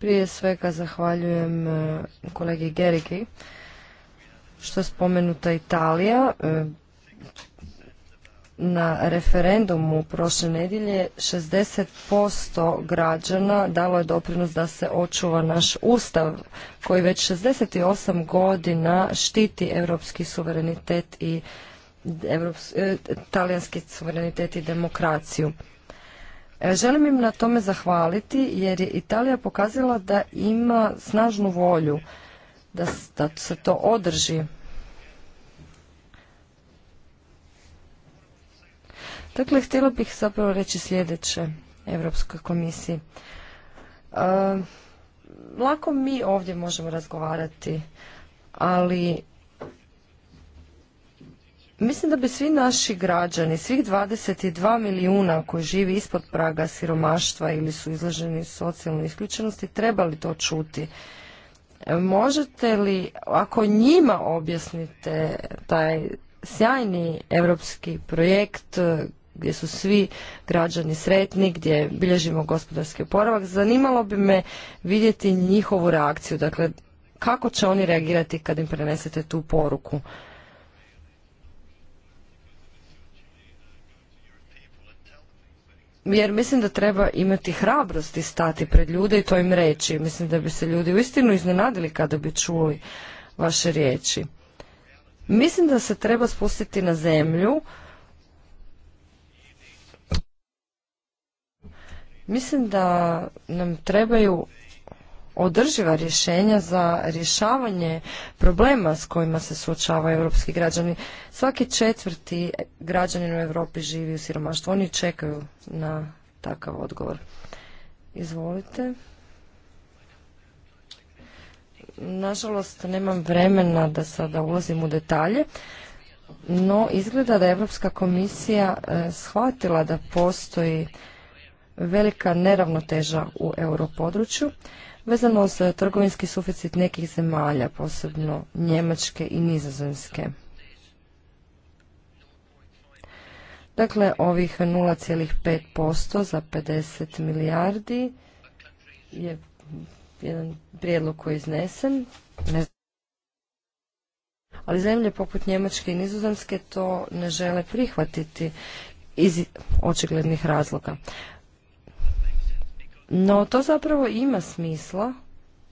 Prije svega zahvaljujem e, kolegi Gerigi što je spomenuta Italija. E, na referendumu prošle nedjelje 60% građana dalo je doprinos da se očuva naš ustav koji već 68 godina štiti europski suverenitet i e, talijanski suverenitet i demokraciju. E, želim im na tome zahvaliti jer je Italija pokazala da ima snažnu volju da se to održi. Dakle, htjela bih zapravo reći sljedeće Europskoj komisiji. E, lako mi ovdje možemo razgovarati, ali Mislim da bi svi naši građani, svih 22 milijuna koji živi ispod praga siromaštva ili su izloženi socijalnoj isključenosti, trebali to čuti. Možete li, ako njima objasnite taj sjajni europski projekt eh, gdje su svi građani sretni, gdje bilježimo gospodarski oporavak, zanimalo bi me vidjeti njihovu reakciju. Dakle, kako će oni reagirati kad im prenesete tu poruku? jer mislim da treba imati hrabrosti stati pred ljude i to im reći. Mislim da bi se ljudi uistinu iznenadili kada bi čuli vaše riječi. Mislim da se treba spustiti na zemlju. Mislim da nam trebaju održiva rješenja za rješavanje problema s kojima se suočava europski građani. Svaki četvrti građanin u Europi živi u siromaštvu. Oni čekaju na takav odgovor. Izvolite. Nažalost, nemam vremena da sada ulazim u detalje, no izgleda da je Europska komisija e, shvatila da postoji velika neravnoteža u europodručju vezano za trgovinski suficit nekih zemalja, posebno Njemačke i Nizozemske. Dakle, ovih 0,5% za 50 milijardi je jedan prijedlog koji je iznesen. ali zemlje poput Njemačke i Nizozemske to ne žele prihvatiti iz očiglednih razloga. No to zapravo ima smisla,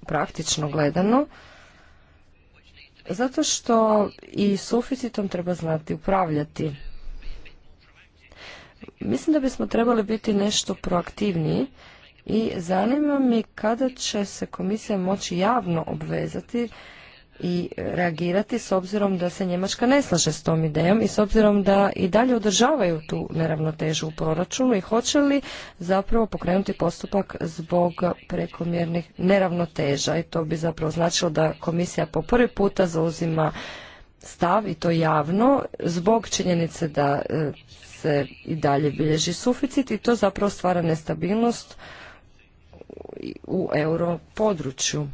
praktično gledano, zato što i suficitom treba znati upravljati. Mislim da bismo trebali biti nešto proaktivniji i zanima mi kada će se komisija moći javno obvezati i reagirati s obzirom da se Njemačka ne slaže s tom idejom i s obzirom da i dalje održavaju tu neravnotežu u proračunu i hoće li zapravo pokrenuti postupak zbog prekomjernih neravnoteža i to bi zapravo značilo da komisija po prvi puta zauzima stav i to javno zbog činjenice da e, se i dalje bilježi suficit i to zapravo stvara nestabilnost u euro području.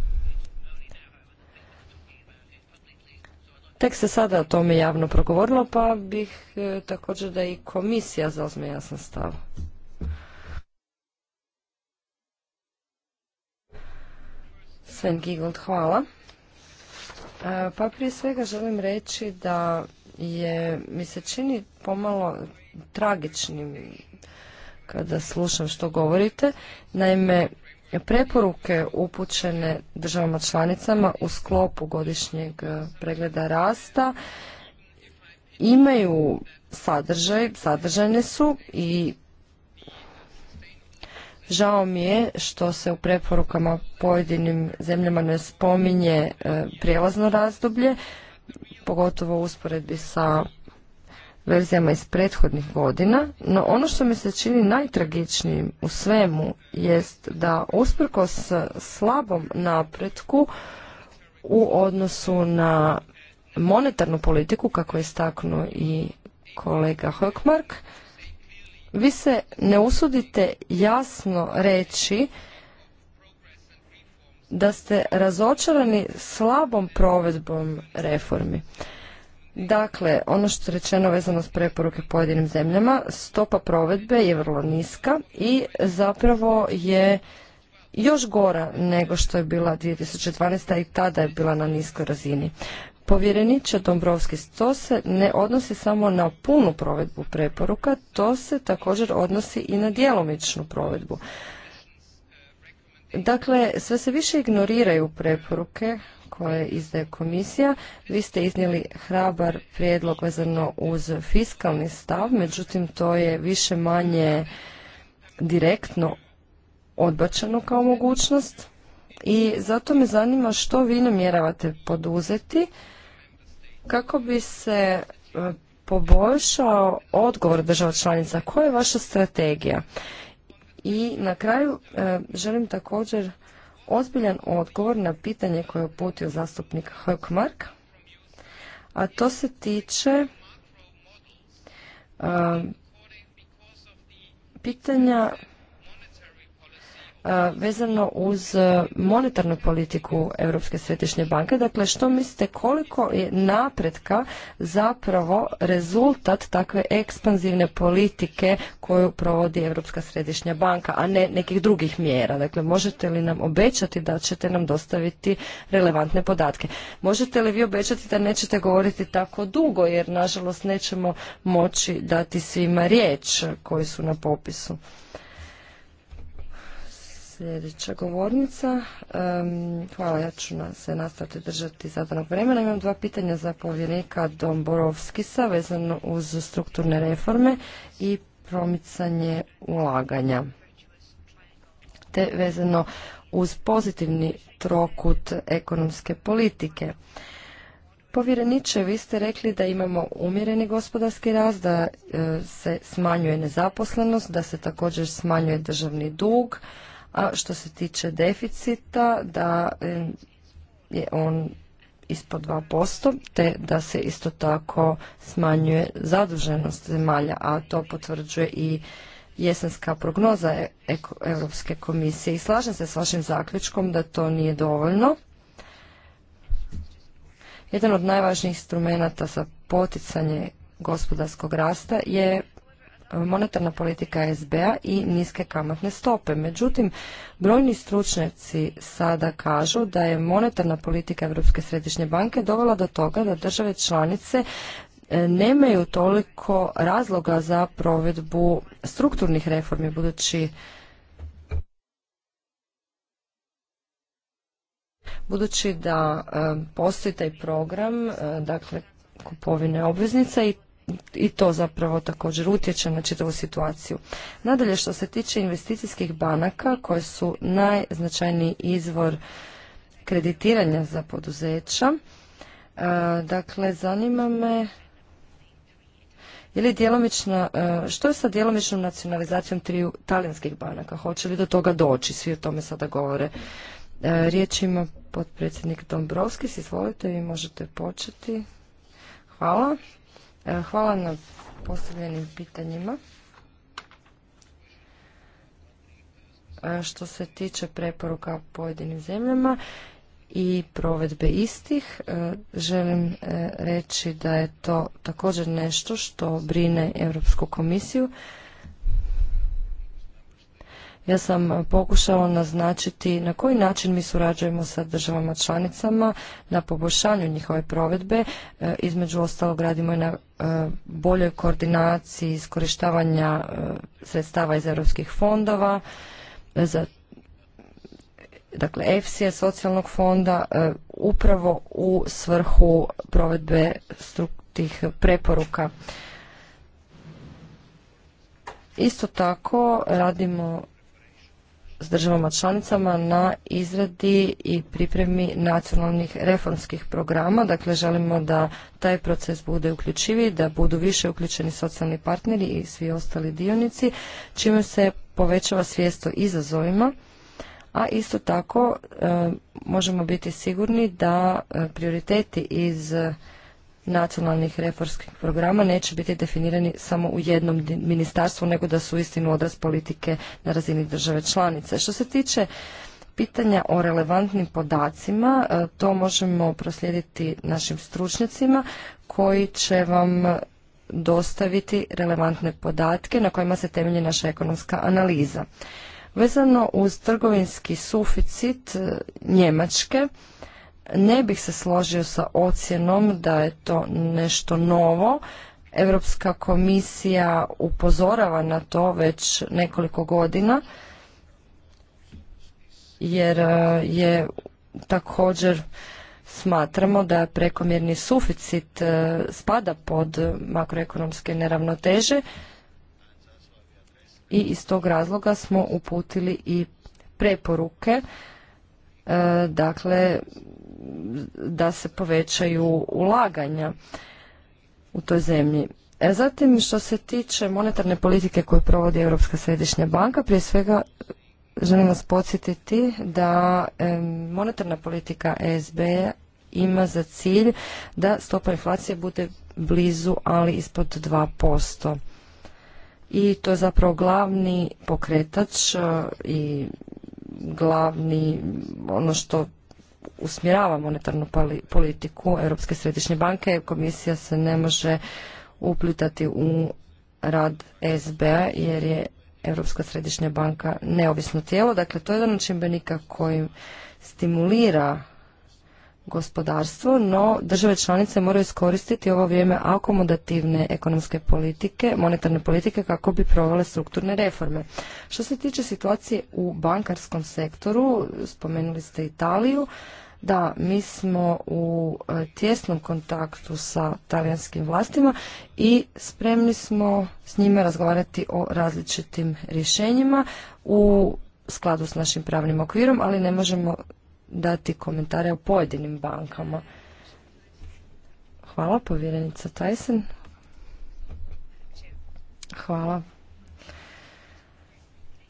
Tek se sada o tome javno progovorilo, pa bih e, također da i komisija zauzme jasan stav. Sven Gigold, hvala. E, pa prije svega želim reći da je, mi se čini pomalo tragičnim kada slušam što govorite. Naime, Preporuke upućene državama članicama u sklopu godišnjeg e, pregleda rasta imaju sadržaj, sadržajne su i Žao mi je što se u preporukama pojedinim zemljama ne spominje e, prijelazno razdoblje, pogotovo u usporedbi sa verzijama iz prethodnih godina, no ono što mi se čini najtragičnijim u svemu jest da usprkos slabom napretku u odnosu na monetarnu politiku, kako je staknuo i kolega Hökmark, vi se ne usudite jasno reći da ste razočarani slabom provedbom reformi. Dakle, ono što je rečeno vezano s preporuke pojedinim zemljama, stopa provedbe je vrlo niska i zapravo je još gora nego što je bila 2012. i tada je bila na niskoj razini. Povjereniče Dombrovski, to se ne odnosi samo na punu provedbu preporuka, to se također odnosi i na djelomičnu provedbu. Dakle, sve se više ignoriraju preporuke koje izdaje komisija. Vi ste iznijeli hrabar prijedlog vezano uz fiskalni stav, međutim to je više manje direktno odbačeno kao mogućnost i zato me zanima što vi namjeravate poduzeti kako bi se e, poboljšao odgovor država članica. Koja je vaša strategija? I na kraju e, želim također ozbiljan odgovor na pitanje koje je uputio zastupnik Hökmark, a to se tiče pitanja E, vezano uz e, monetarnu politiku Europske središnje banke. Dakle, što mislite koliko je napretka zapravo rezultat takve ekspanzivne politike koju provodi Europska središnja banka, a ne nekih drugih mjera? Dakle, možete li nam obećati da ćete nam dostaviti relevantne podatke? Možete li vi obećati da nećete govoriti tako dugo, jer nažalost nećemo moći dati svima riječ koji su na popisu? Sljedeća govornica. Hvala, ja ću se nastaviti držati zadanog vremena. Imam dva pitanja za povjerenika Domborovskisa vezano uz strukturne reforme i promicanje ulaganja. Te vezano uz pozitivni trokut ekonomske politike. Povjereniče, vi ste rekli da imamo umjereni gospodarski rast, da e, se smanjuje nezaposlenost, da se također smanjuje državni dug, a što se tiče deficita, da e, je on ispod 2%, te da se isto tako smanjuje zaduženost zemalja, a to potvrđuje i jesenska prognoza e- Europske komisije. I slažem se s vašim zaključkom da to nije dovoljno. Jedan od najvažnijih instrumenata za poticanje gospodarskog rasta je monetarna politika SBA i niske kamatne stope. Međutim, brojni stručnjaci sada kažu da je monetarna politika Europske središnje banke dovela do toga da države članice e, nemaju toliko razloga za provedbu strukturnih reformi budući budući da e, postoji taj program e, dakle kupovine obveznica i i to zapravo također utječe na čitavu situaciju. Nadalje što se tiče investicijskih banaka koje su najznačajniji izvor kreditiranja za poduzeća, e, dakle zanima me je djelomična, e, što je sa djelomičnom nacionalizacijom triju talijanskih banaka? Hoće li do toga doći? Svi o tome sada govore. E, riječ ima potpredsjednik Dombrovskis. Izvolite, vi možete početi. Hvala. E, hvala na postavljenim pitanjima. E, što se tiče preporuka pojedinim zemljama i provedbe istih, e, želim reći da je to također nešto što brine Europsku komisiju. Ja sam e, pokušala naznačiti na koji način mi surađujemo sa državama članicama na poboljšanju njihove provedbe. E, između ostalog radimo i na e, boljoj koordinaciji iskorištavanja sredstava iz europskih fondova, za dakle EFSI-je, socijalnog fonda, upravo u svrhu provedbe tih preporuka. Isto tako radimo s državama članicama na izradi i pripremi nacionalnih reformskih programa. Dakle, želimo da taj proces bude uključiviji, da budu više uključeni socijalni partneri i svi ostali dionici, čime se povećava svijest o izazovima, a isto tako e, možemo biti sigurni da e, prioriteti iz nacionalnih reformskih programa neće biti definirani samo u jednom ministarstvu, nego da su istinu odraz politike na razini države članice. Što se tiče pitanja o relevantnim podacima, e, to možemo proslijediti našim stručnjacima koji će vam dostaviti relevantne podatke na kojima se temelji naša ekonomska analiza. Vezano uz trgovinski suficit e, Njemačke, ne bih se složio sa ocjenom da je to nešto novo. Europska komisija upozorava na to već nekoliko godina jer e, je također smatramo da prekomjerni suficit e, spada pod makroekonomske neravnoteže i iz tog razloga smo uputili i preporuke e, dakle da se povećaju ulaganja u toj zemlji. E, zatim što se tiče monetarne politike koju provodi Europska središnja banka, prije svega želim vas podsjetiti da monetarna politika ESB ima za cilj da stopa inflacije bude blizu, ali ispod 2%. I to je zapravo glavni pokretač e, i glavni ono što usmjerava monetarnu politiku Europske središnje banke. Komisija se ne može uplitati u rad SBA jer je Europska središnja banka neovisno tijelo. Dakle, to je jedan od čimbenika koji stimulira gospodarstvo, no države članice moraju iskoristiti ovo vrijeme akomodativne ekonomske politike, monetarne politike kako bi provale strukturne reforme. Što se tiče situacije u bankarskom sektoru, spomenuli ste Italiju, da mi smo u e, tjesnom kontaktu sa talijanskim vlastima i spremni smo s njima razgovarati o različitim rješenjima u skladu s našim pravnim okvirom, ali ne možemo dati komentare o pojedinim bankama. Hvala, povjerenica Tyson. Hvala.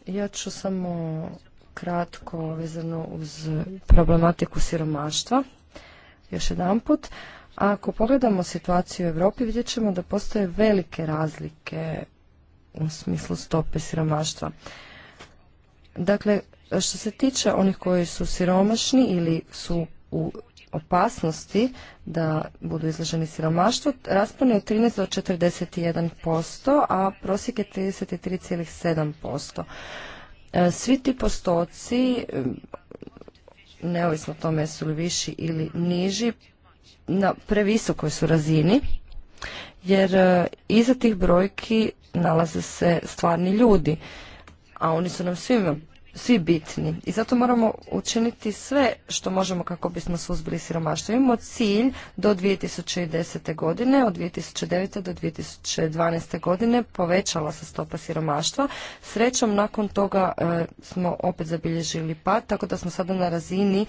Ja ću samo kratko vezano uz problematiku siromaštva. Još jedan put. Ako pogledamo situaciju u Europi vidjet ćemo da postoje velike razlike u smislu stope siromaštva. Dakle, E, što se tiče onih koji su siromašni ili su u opasnosti da budu izloženi siromaštvu, raspon je od 13 do 41%, a prosjek je 33,7%. E, svi ti postoci, e, neovisno o tome su li viši ili niži, na previsokoj su razini, jer iza tih brojki nalaze se stvarni ljudi, a oni su nam svima svi bitni i zato moramo učiniti sve što možemo kako bismo suzbili siromaštvo. Imamo cilj do 2010. godine, od 2009. do 2012. godine povećala se stopa siromaštva. Srećom nakon toga e, smo opet zabilježili pad, tako da smo sada na razini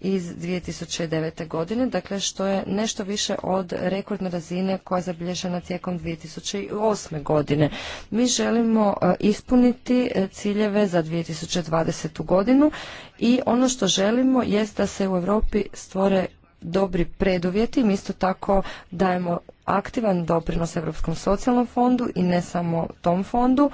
iz 2009. godine, dakle što je nešto više od rekordne razine koja je zabilježena tijekom 2008. godine. Mi želimo e, ispuniti e, ciljeve za 2020. godinu i ono što želimo jest da se u Europi stvore dobri preduvjeti, mi isto tako dajemo aktivan doprinos Europskom socijalnom fondu i ne samo tom fondu,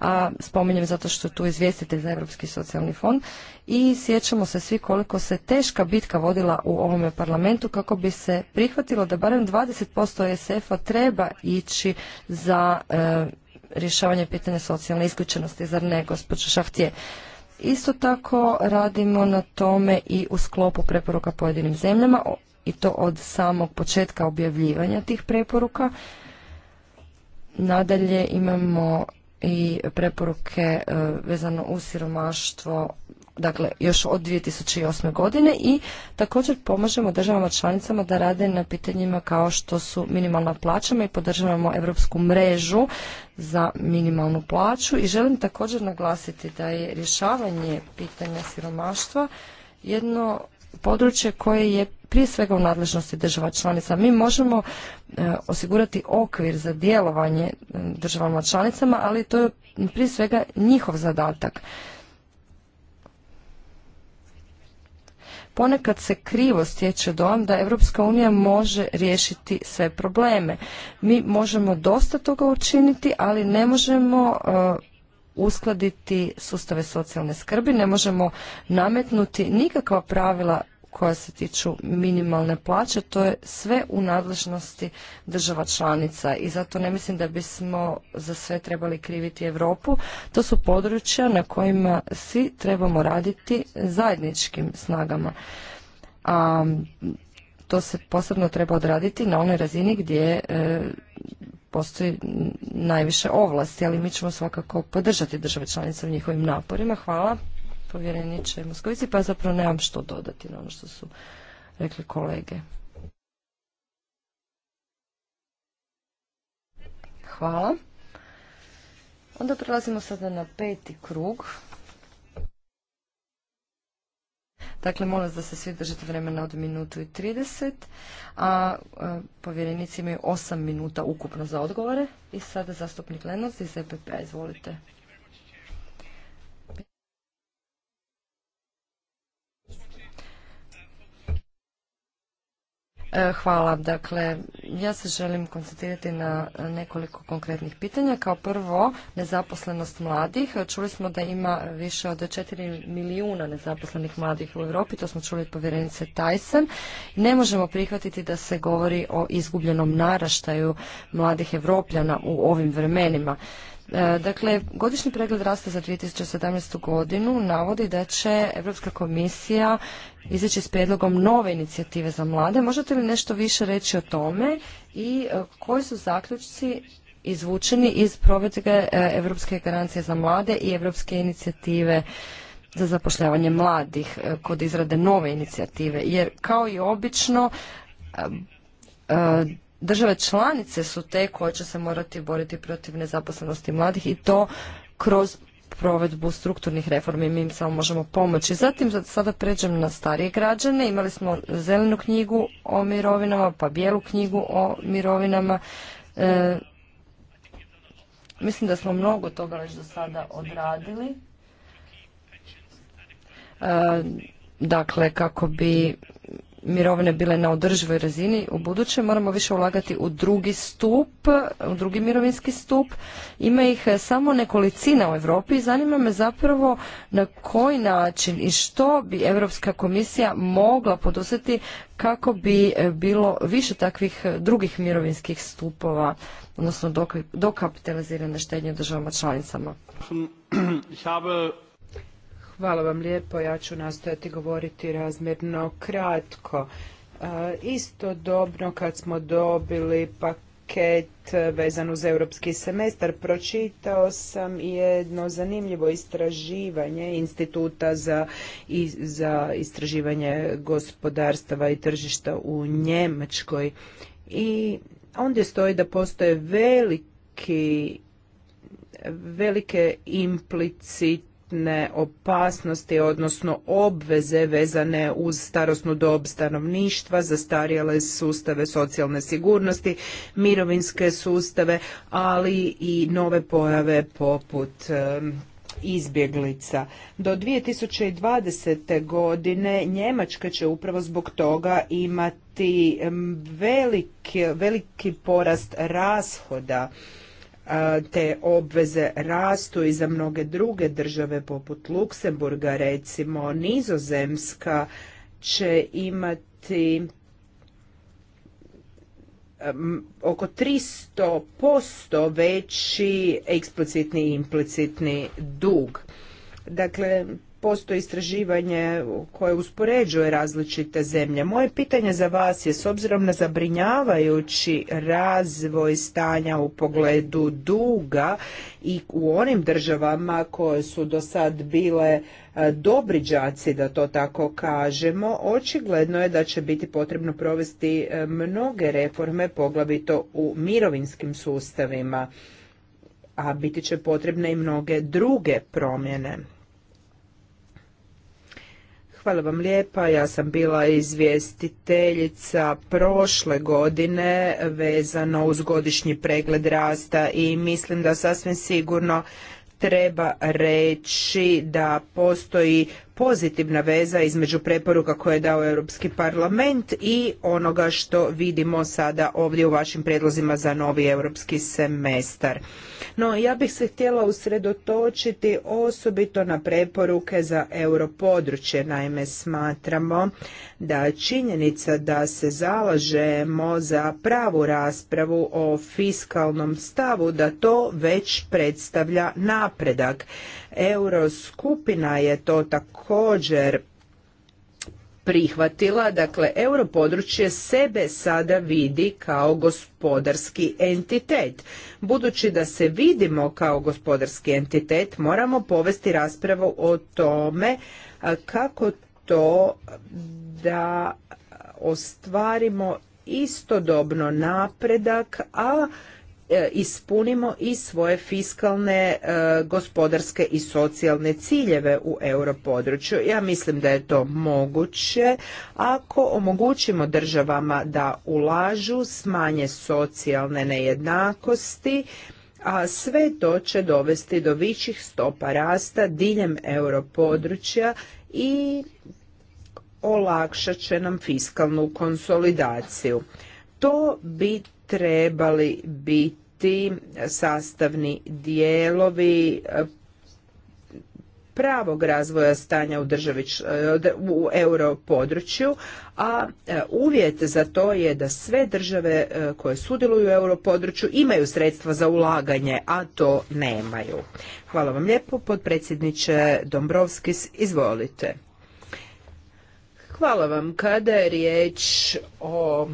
a spominjem zato što tu izvjestitelj za Europski socijalni fond i sjećamo se svi koliko se teška bitka vodila u ovome parlamentu kako bi se prihvatilo da barem 20% ESF-a treba ići za e, rješavanje pitanja socijalne isključenosti, zar ne, gospođo Šahtije? Isto tako radimo na tome i u sklopu preporuka pojedinim zemljama i to od samog početka objavljivanja tih preporuka. Nadalje imamo i preporuke e, vezano uz siromaštvo dakle još od 2008. godine i također pomažemo državama članicama da rade na pitanjima kao što su minimalna plaća i podržavamo europsku mrežu za minimalnu plaću i želim također naglasiti da je rješavanje pitanja siromaštva jedno područje koje je prije svega u nadležnosti država članica. Mi možemo e, osigurati okvir za djelovanje e, državama članicama, ali to je prije svega njihov zadatak. Ponekad se krivo stječe dojam da Europska unija može riješiti sve probleme. Mi možemo dosta toga učiniti, ali ne možemo e, uskladiti sustave socijalne skrbi, ne možemo nametnuti nikakva pravila koja se tiču minimalne plaće, to je sve u nadležnosti država članica i zato ne mislim da bismo za sve trebali kriviti Europu. To su područja na kojima svi trebamo raditi zajedničkim snagama. A to se posebno treba odraditi na onoj razini gdje e, postoji najviše ovlasti, ali mi ćemo svakako podržati države članice u njihovim naporima. Hvala povjereniče Moskovici, pa zapravo nemam što dodati na ono što su rekli kolege. Hvala. Onda prelazimo sada na peti krug Dakle, molim da se svi držite vremena od minutu i 30, a povjerenici imaju 8 minuta ukupno za odgovore. I sada zastupnik Lenos iz EPP, izvolite. E, hvala. Dakle, ja se želim koncentrirati na nekoliko konkretnih pitanja. Kao prvo, nezaposlenost mladih. Čuli smo da ima više od 4 milijuna nezaposlenih mladih u Europi, to smo čuli od povjerenice Tyson. Ne možemo prihvatiti da se govori o izgubljenom naraštaju mladih Evropljana u ovim vremenima. E, dakle, godišnji pregled rasta za 2017. godinu navodi da će Europska komisija izaći s prijedlogom nove inicijative za mlade. Možete li nešto više reći o tome i e, koji su zaključci izvučeni iz provedbe e, Europske garancije za mlade i Europske inicijative za zapošljavanje mladih kod izrade nove inicijative? Jer kao i obično države članice su te koje će se morati boriti protiv nezaposlenosti mladih i to kroz provedbu strukturnih reformi mi im samo možemo pomoći. Zatim sada pređem na starije građane. Imali smo zelenu knjigu o mirovinama, pa bijelu knjigu o mirovinama. E, mislim da smo mnogo toga već do sada odradili. E, dakle, kako bi mirovine bile na održivoj razini u buduće moramo više ulagati u drugi stup, u drugi mirovinski stup. Ima ih e, samo nekolicina u Europi i zanima me zapravo na koji način i što bi Europska komisija mogla poduzeti kako bi e, bilo više takvih e, drugih mirovinskih stupova, odnosno dokapitalizirane štednje u državama članicama. Hvala vam lijepo. Ja ću nastojati govoriti razmjerno kratko. Isto e, Istodobno kad smo dobili paket vezan uz europski semestar, pročitao sam jedno zanimljivo istraživanje Instituta za, za istraživanje gospodarstava i tržišta u Njemačkoj. I ondje stoji da postoje veliki velike implicit životne opasnosti, odnosno obveze vezane uz starosnu dob stanovništva, zastarjele sustave socijalne sigurnosti, mirovinske sustave, ali i nove pojave poput izbjeglica. Do 2020. godine Njemačka će upravo zbog toga imati veliki, veliki porast rashoda te obveze rastu i za mnoge druge države poput Luksemburga recimo Nizozemska će imati oko 300% veći eksplicitni i implicitni dug. Dakle, postoji istraživanje koje uspoređuje različite zemlje. Moje pitanje za vas je, s obzirom na zabrinjavajući razvoj stanja u pogledu duga i u onim državama koje su do sad bile e, dobri da to tako kažemo, očigledno je da će biti potrebno provesti e, mnoge reforme, poglavito u mirovinskim sustavima, a biti će potrebne i mnoge druge promjene. Hvala vam lijepa. Ja sam bila izvjestiteljica prošle godine vezano uz godišnji pregled rasta i mislim da sasvim sigurno treba reći da postoji pozitivna veza između preporuka koje je dao Europski parlament i onoga što vidimo sada ovdje u vašim predlozima za novi europski semestar. No, ja bih se htjela usredotočiti osobito na preporuke za europodručje. Naime, smatramo da činjenica da se zalažemo za pravu raspravu o fiskalnom stavu, da to već predstavlja napredak. Euroskupina je to također prihvatila, dakle europodručje sebe sada vidi kao gospodarski entitet. Budući da se vidimo kao gospodarski entitet, moramo povesti raspravu o tome kako to da ostvarimo istodobno napredak, a E, ispunimo i svoje fiskalne, e, gospodarske i socijalne ciljeve u europodručju. Ja mislim da je to moguće ako omogućimo državama da ulažu, smanje socijalne nejednakosti, a sve to će dovesti do viših stopa rasta diljem europodručja i olakšat će nam fiskalnu konsolidaciju. To bi trebali biti sastavni dijelovi eh, pravog razvoja stanja u državi eh, u europodručju, a eh, uvjet za to je da sve države koje sudjeluju u europodručju imaju sredstva za ulaganje, a to nemaju. Hvala vam lijepo, potpredsjedniče Dombrovskis, izvolite. Hvala vam. Kada je riječ o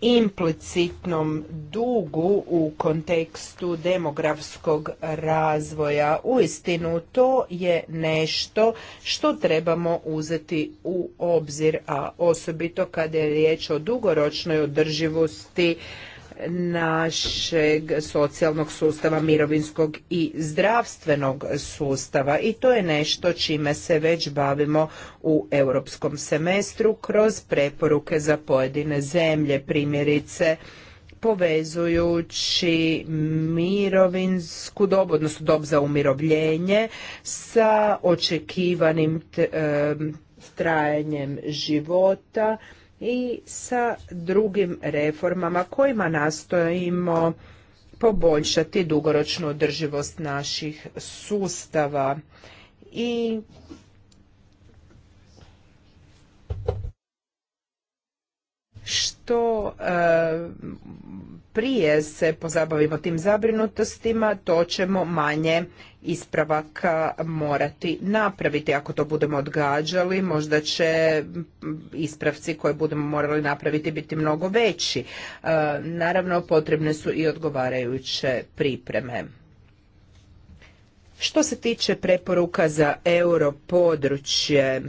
implicitnom dugu u kontekstu demografskog razvoja. Uistinu to je nešto što trebamo uzeti u obzir, a osobito kada je riječ o dugoročnoj održivosti našeg socijalnog sustava, mirovinskog i zdravstvenog sustava i to je nešto čime se već bavimo u europskom semestru kroz preporuke za pojedine zemlje, primjerice povezujući mirovinsku dob, odnosno dob za umirovljenje sa očekivanim trajanjem života i sa drugim reformama kojima nastojimo poboljšati dugoročnu održivost naših sustava i što e, prije se pozabavimo tim zabrinutostima, to ćemo manje ispravaka morati napraviti. Ako to budemo odgađali, možda će ispravci koje budemo morali napraviti biti mnogo veći. E, naravno, potrebne su i odgovarajuće pripreme. Što se tiče preporuka za europodručje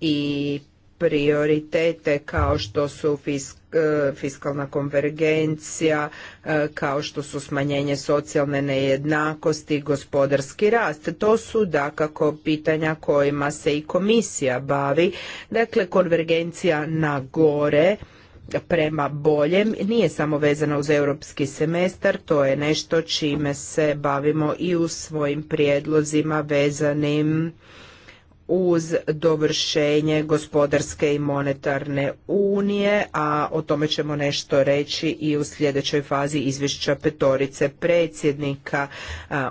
i prioritete kao što su e, fiskalna konvergencija, e, kao što su smanjenje socijalne nejednakosti, gospodarski rast. To su dakako pitanja kojima se i komisija bavi. Dakle, konvergencija na gore prema boljem nije samo vezana uz europski semestar, to je nešto čime se bavimo i u svojim prijedlozima vezanim uz dovršenje gospodarske i monetarne unije, a o tome ćemo nešto reći i u sljedećoj fazi izvješća petorice predsjednika.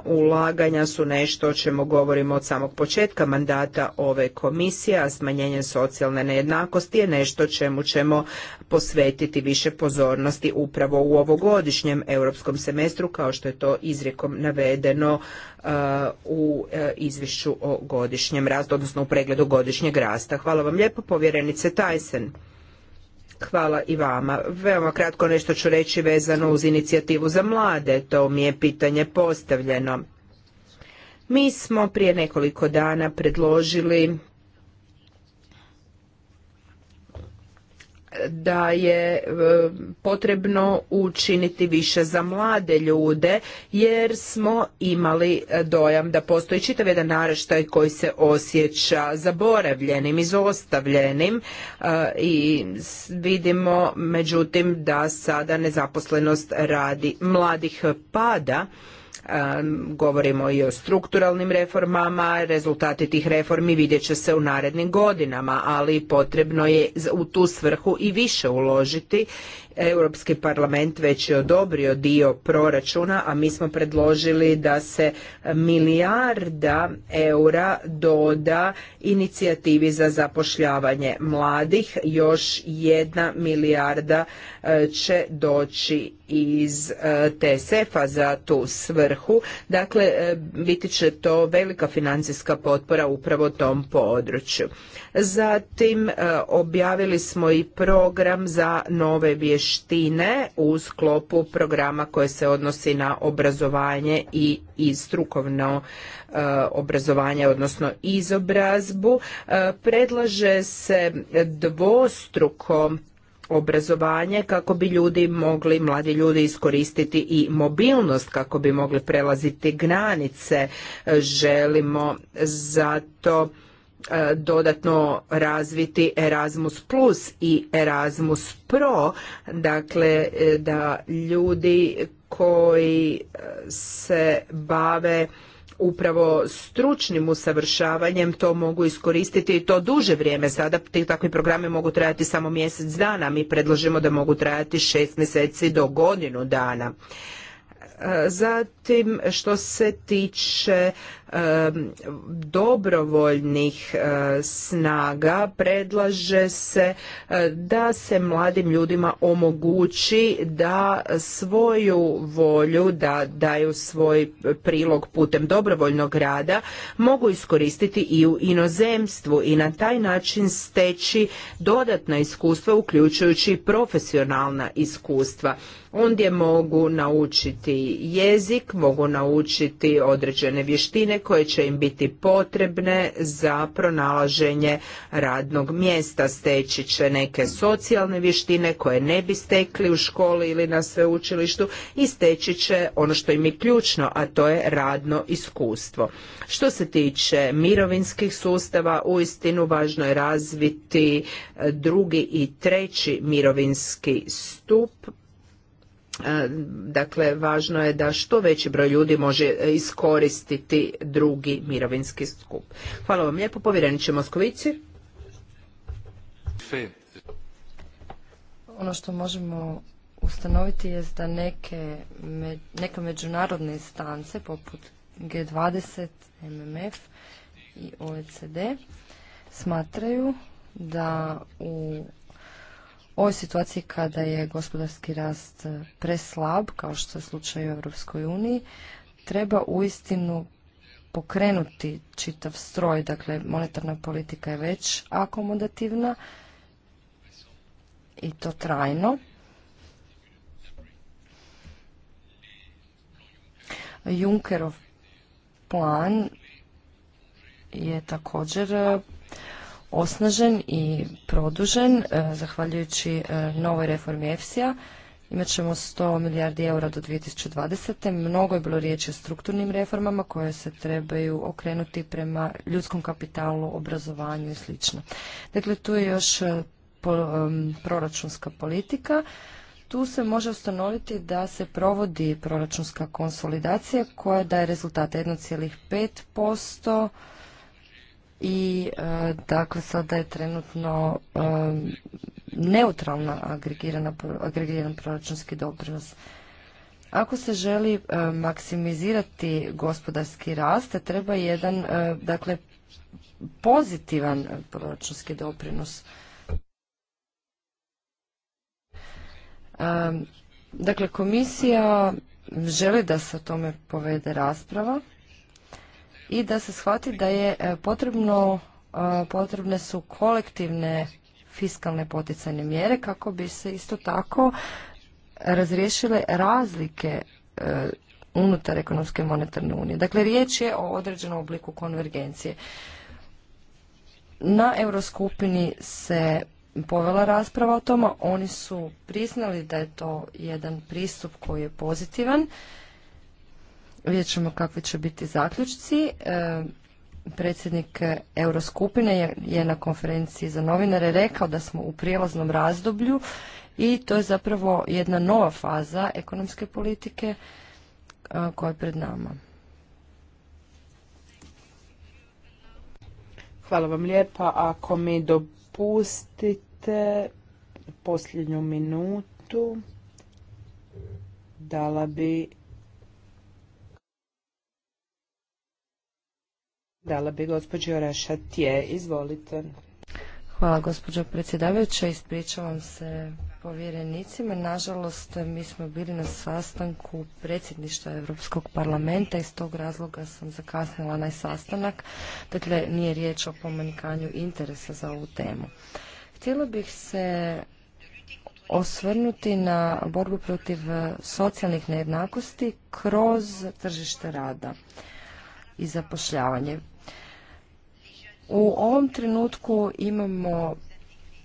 Ulaganja su nešto o čemu govorimo od samog početka mandata ove komisije, a smanjenje socijalne nejednakosti je nešto čemu ćemo posvetiti više pozornosti upravo u ovogodišnjem europskom semestru, kao što je to izrijekom navedeno u e, izvješću o godišnjem rastu, odnosno u pregledu godišnjeg rasta. Hvala vam lijepo, povjerenice Tajsen. Hvala i vama. Veoma kratko nešto ću reći vezano uz inicijativu za mlade. To mi je pitanje postavljeno. Mi smo prije nekoliko dana predložili da je e, potrebno učiniti više za mlade ljude jer smo imali e, dojam da postoji čitav jedan naraštaj koji se osjeća zaboravljenim, izostavljenim e, i vidimo međutim da sada nezaposlenost radi mladih pada govorimo i o strukturalnim reformama, rezultati tih reformi vidjet će se u narednim godinama, ali potrebno je u tu svrhu i više uložiti Europski parlament već je odobrio dio proračuna, a mi smo predložili da se milijarda eura doda inicijativi za zapošljavanje mladih. Još jedna milijarda e, će doći iz e, TSF-a za tu svrhu. Dakle, e, biti će to velika financijska potpora upravo tom području. Zatim, objavili smo i program za nove vještine vještine u sklopu programa koje se odnosi na obrazovanje i, strukovno e, obrazovanje, odnosno izobrazbu. E, predlaže se dvostruko obrazovanje kako bi ljudi mogli, mladi ljudi iskoristiti i mobilnost kako bi mogli prelaziti granice. E, želimo zato E, dodatno razviti Erasmus Plus i Erasmus Pro, dakle e, da ljudi koji e, se bave upravo stručnim usavršavanjem to mogu iskoristiti i to duže vrijeme. Sada ti takvi programi mogu trajati samo mjesec dana, mi predložimo da mogu trajati šest mjeseci do godinu dana. Zatim što se tiče dobrovoljnih e, snaga predlaže se e, da se mladim ljudima omogući da svoju volju, da daju svoj prilog putem dobrovoljnog rada, mogu iskoristiti i u inozemstvu i na taj način steći dodatna iskustva uključujući profesionalna iskustva. Ondje mogu naučiti jezik, mogu naučiti određene vještine koje će im biti potrebne za pronalaženje radnog mjesta. Steći će neke socijalne vještine koje ne bi stekli u školi ili na sveučilištu i steći će ono što im je ključno, a to je radno iskustvo. Što se tiče mirovinskih sustava, istinu važno je razviti drugi i treći mirovinski stup E, dakle, važno je da što veći broj ljudi može iskoristiti drugi mirovinski skup. Hvala vam lijepo, povjereniče Moskovici. Ono što možemo ustanoviti je da neke, neke međunarodne instance poput G20, MMF i OECD smatraju da u ovoj situaciji kada je gospodarski rast e, preslab, kao što je slučaj u Europskoj uniji, treba uistinu pokrenuti čitav stroj, dakle monetarna politika je već akomodativna i to trajno. Junkerov plan je također e, osnažen i produžen e, zahvaljujući e, novoj reformi EFSI-a. Imat ćemo 100 milijardi eura do 2020. Mnogo je bilo riječi o strukturnim reformama koje se trebaju okrenuti prema ljudskom kapitalu, obrazovanju i sl. Dakle, tu je još e, proračunska politika. Tu se može ustanoviti da se provodi proračunska konsolidacija koja daje rezultate 1,5% i e, dakle sada je trenutno e, neutralna agregiran proračunski doprinos. Ako se želi e, maksimizirati gospodarski rast, treba jedan dakle pozitivan proračunski doprinos. Dakle, komisija želi da se o tome povede rasprava i da se shvati da je e, potrebno, e, potrebne su kolektivne fiskalne poticajne mjere kako bi se isto tako razriješile razlike e, unutar ekonomske monetarne unije. Dakle, riječ je o određenom obliku konvergencije. Na Euroskupini se povela rasprava o tome, oni su priznali da je to jedan pristup koji je pozitivan Vidjet ćemo kakvi će biti zaključci. E, predsjednik Euroskupine je na konferenciji za novinare rekao da smo u prijelaznom razdoblju i to je zapravo jedna nova faza ekonomske politike e, koja je pred nama. Hvala vam lijepa. Ako mi dopustite posljednju minutu, dala bi dala bi gospođi Rašatije, Izvolite. Hvala gospođo predsjedavajuća. Ispričavam se povjerenicima. Nažalost, mi smo bili na sastanku predsjedništva Europskog parlamenta i s tog razloga sam zakasnila na sastanak. Dakle, nije riječ o pomanjkanju interesa za ovu temu. Htjela bih se osvrnuti na borbu protiv socijalnih nejednakosti kroz tržište rada i zapošljavanje. U ovom trenutku imamo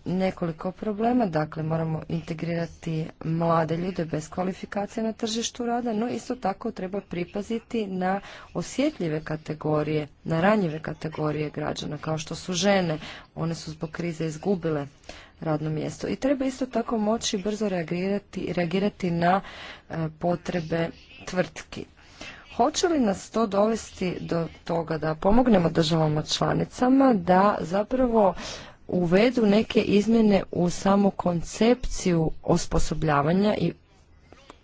nekoliko problema, dakle moramo integrirati mlade ljude bez kvalifikacije na tržištu rada, no isto tako treba pripaziti na osjetljive kategorije, na ranjive kategorije građana, kao što su žene, one su zbog krize izgubile radno mjesto. I treba isto tako moći brzo reagirati, reagirati na e, potrebe tvrtki. Hoće li nas to dovesti do toga da pomognemo državama članicama da zapravo uvedu neke izmjene u samu koncepciju osposobljavanja i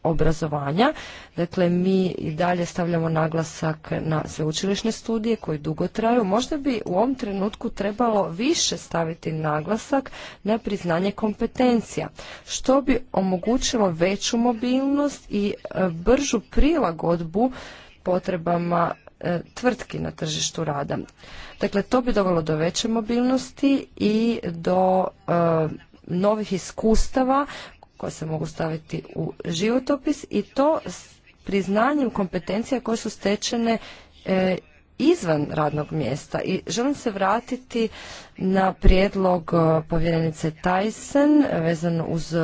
obrazovanja. Dakle, mi i dalje stavljamo naglasak na sveučilišne studije koji dugo traju. Možda bi u ovom trenutku trebalo više staviti naglasak na priznanje kompetencija, što bi omogućilo veću mobilnost i e, bržu prilagodbu potrebama e, tvrtki na tržištu rada. Dakle, to bi dovelo do veće mobilnosti i do e, novih iskustava koje se mogu staviti u životopis i to s priznanjem kompetencija koje su stečene e, izvan radnog mjesta. I želim se vratiti na prijedlog povjerenice Tyson vezano uz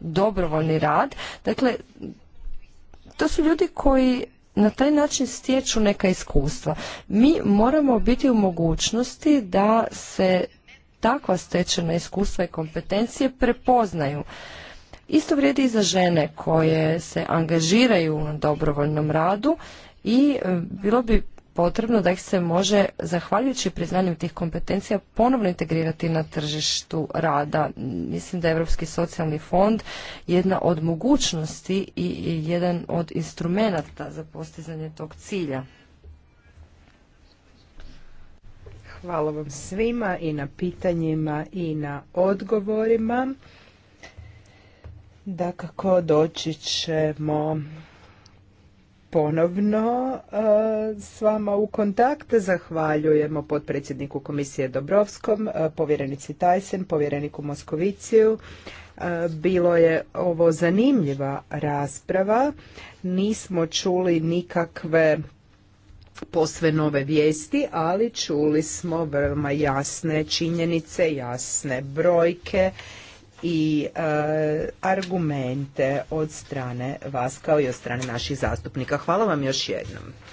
dobrovoljni rad. Dakle, to su ljudi koji na taj način stječu neka iskustva. Mi moramo biti u mogućnosti da se takva stečena iskustva i kompetencije prepoznaju. Isto vrijedi i za žene koje se angažiraju na dobrovoljnom radu i e, bilo bi potrebno da ih se može, zahvaljujući priznanju tih kompetencija, ponovno integrirati na tržištu rada. Mislim da je Europski socijalni fond jedna od mogućnosti i jedan od instrumenata za postizanje tog cilja. Hvala vam svima i na pitanjima i na odgovorima. Dakako doći ćemo ponovno e, s vama u kontakt. Zahvaljujemo potpredsjedniku komisije Dobrovskom, e, povjerenici Tajsen, povjereniku Moskoviciju. E, bilo je ovo zanimljiva rasprava. Nismo čuli nikakve posve nove vijesti, ali čuli smo veoma jasne činjenice, jasne brojke i e, argumente od strane vas kao i od strane naših zastupnika. Hvala vam još jednom.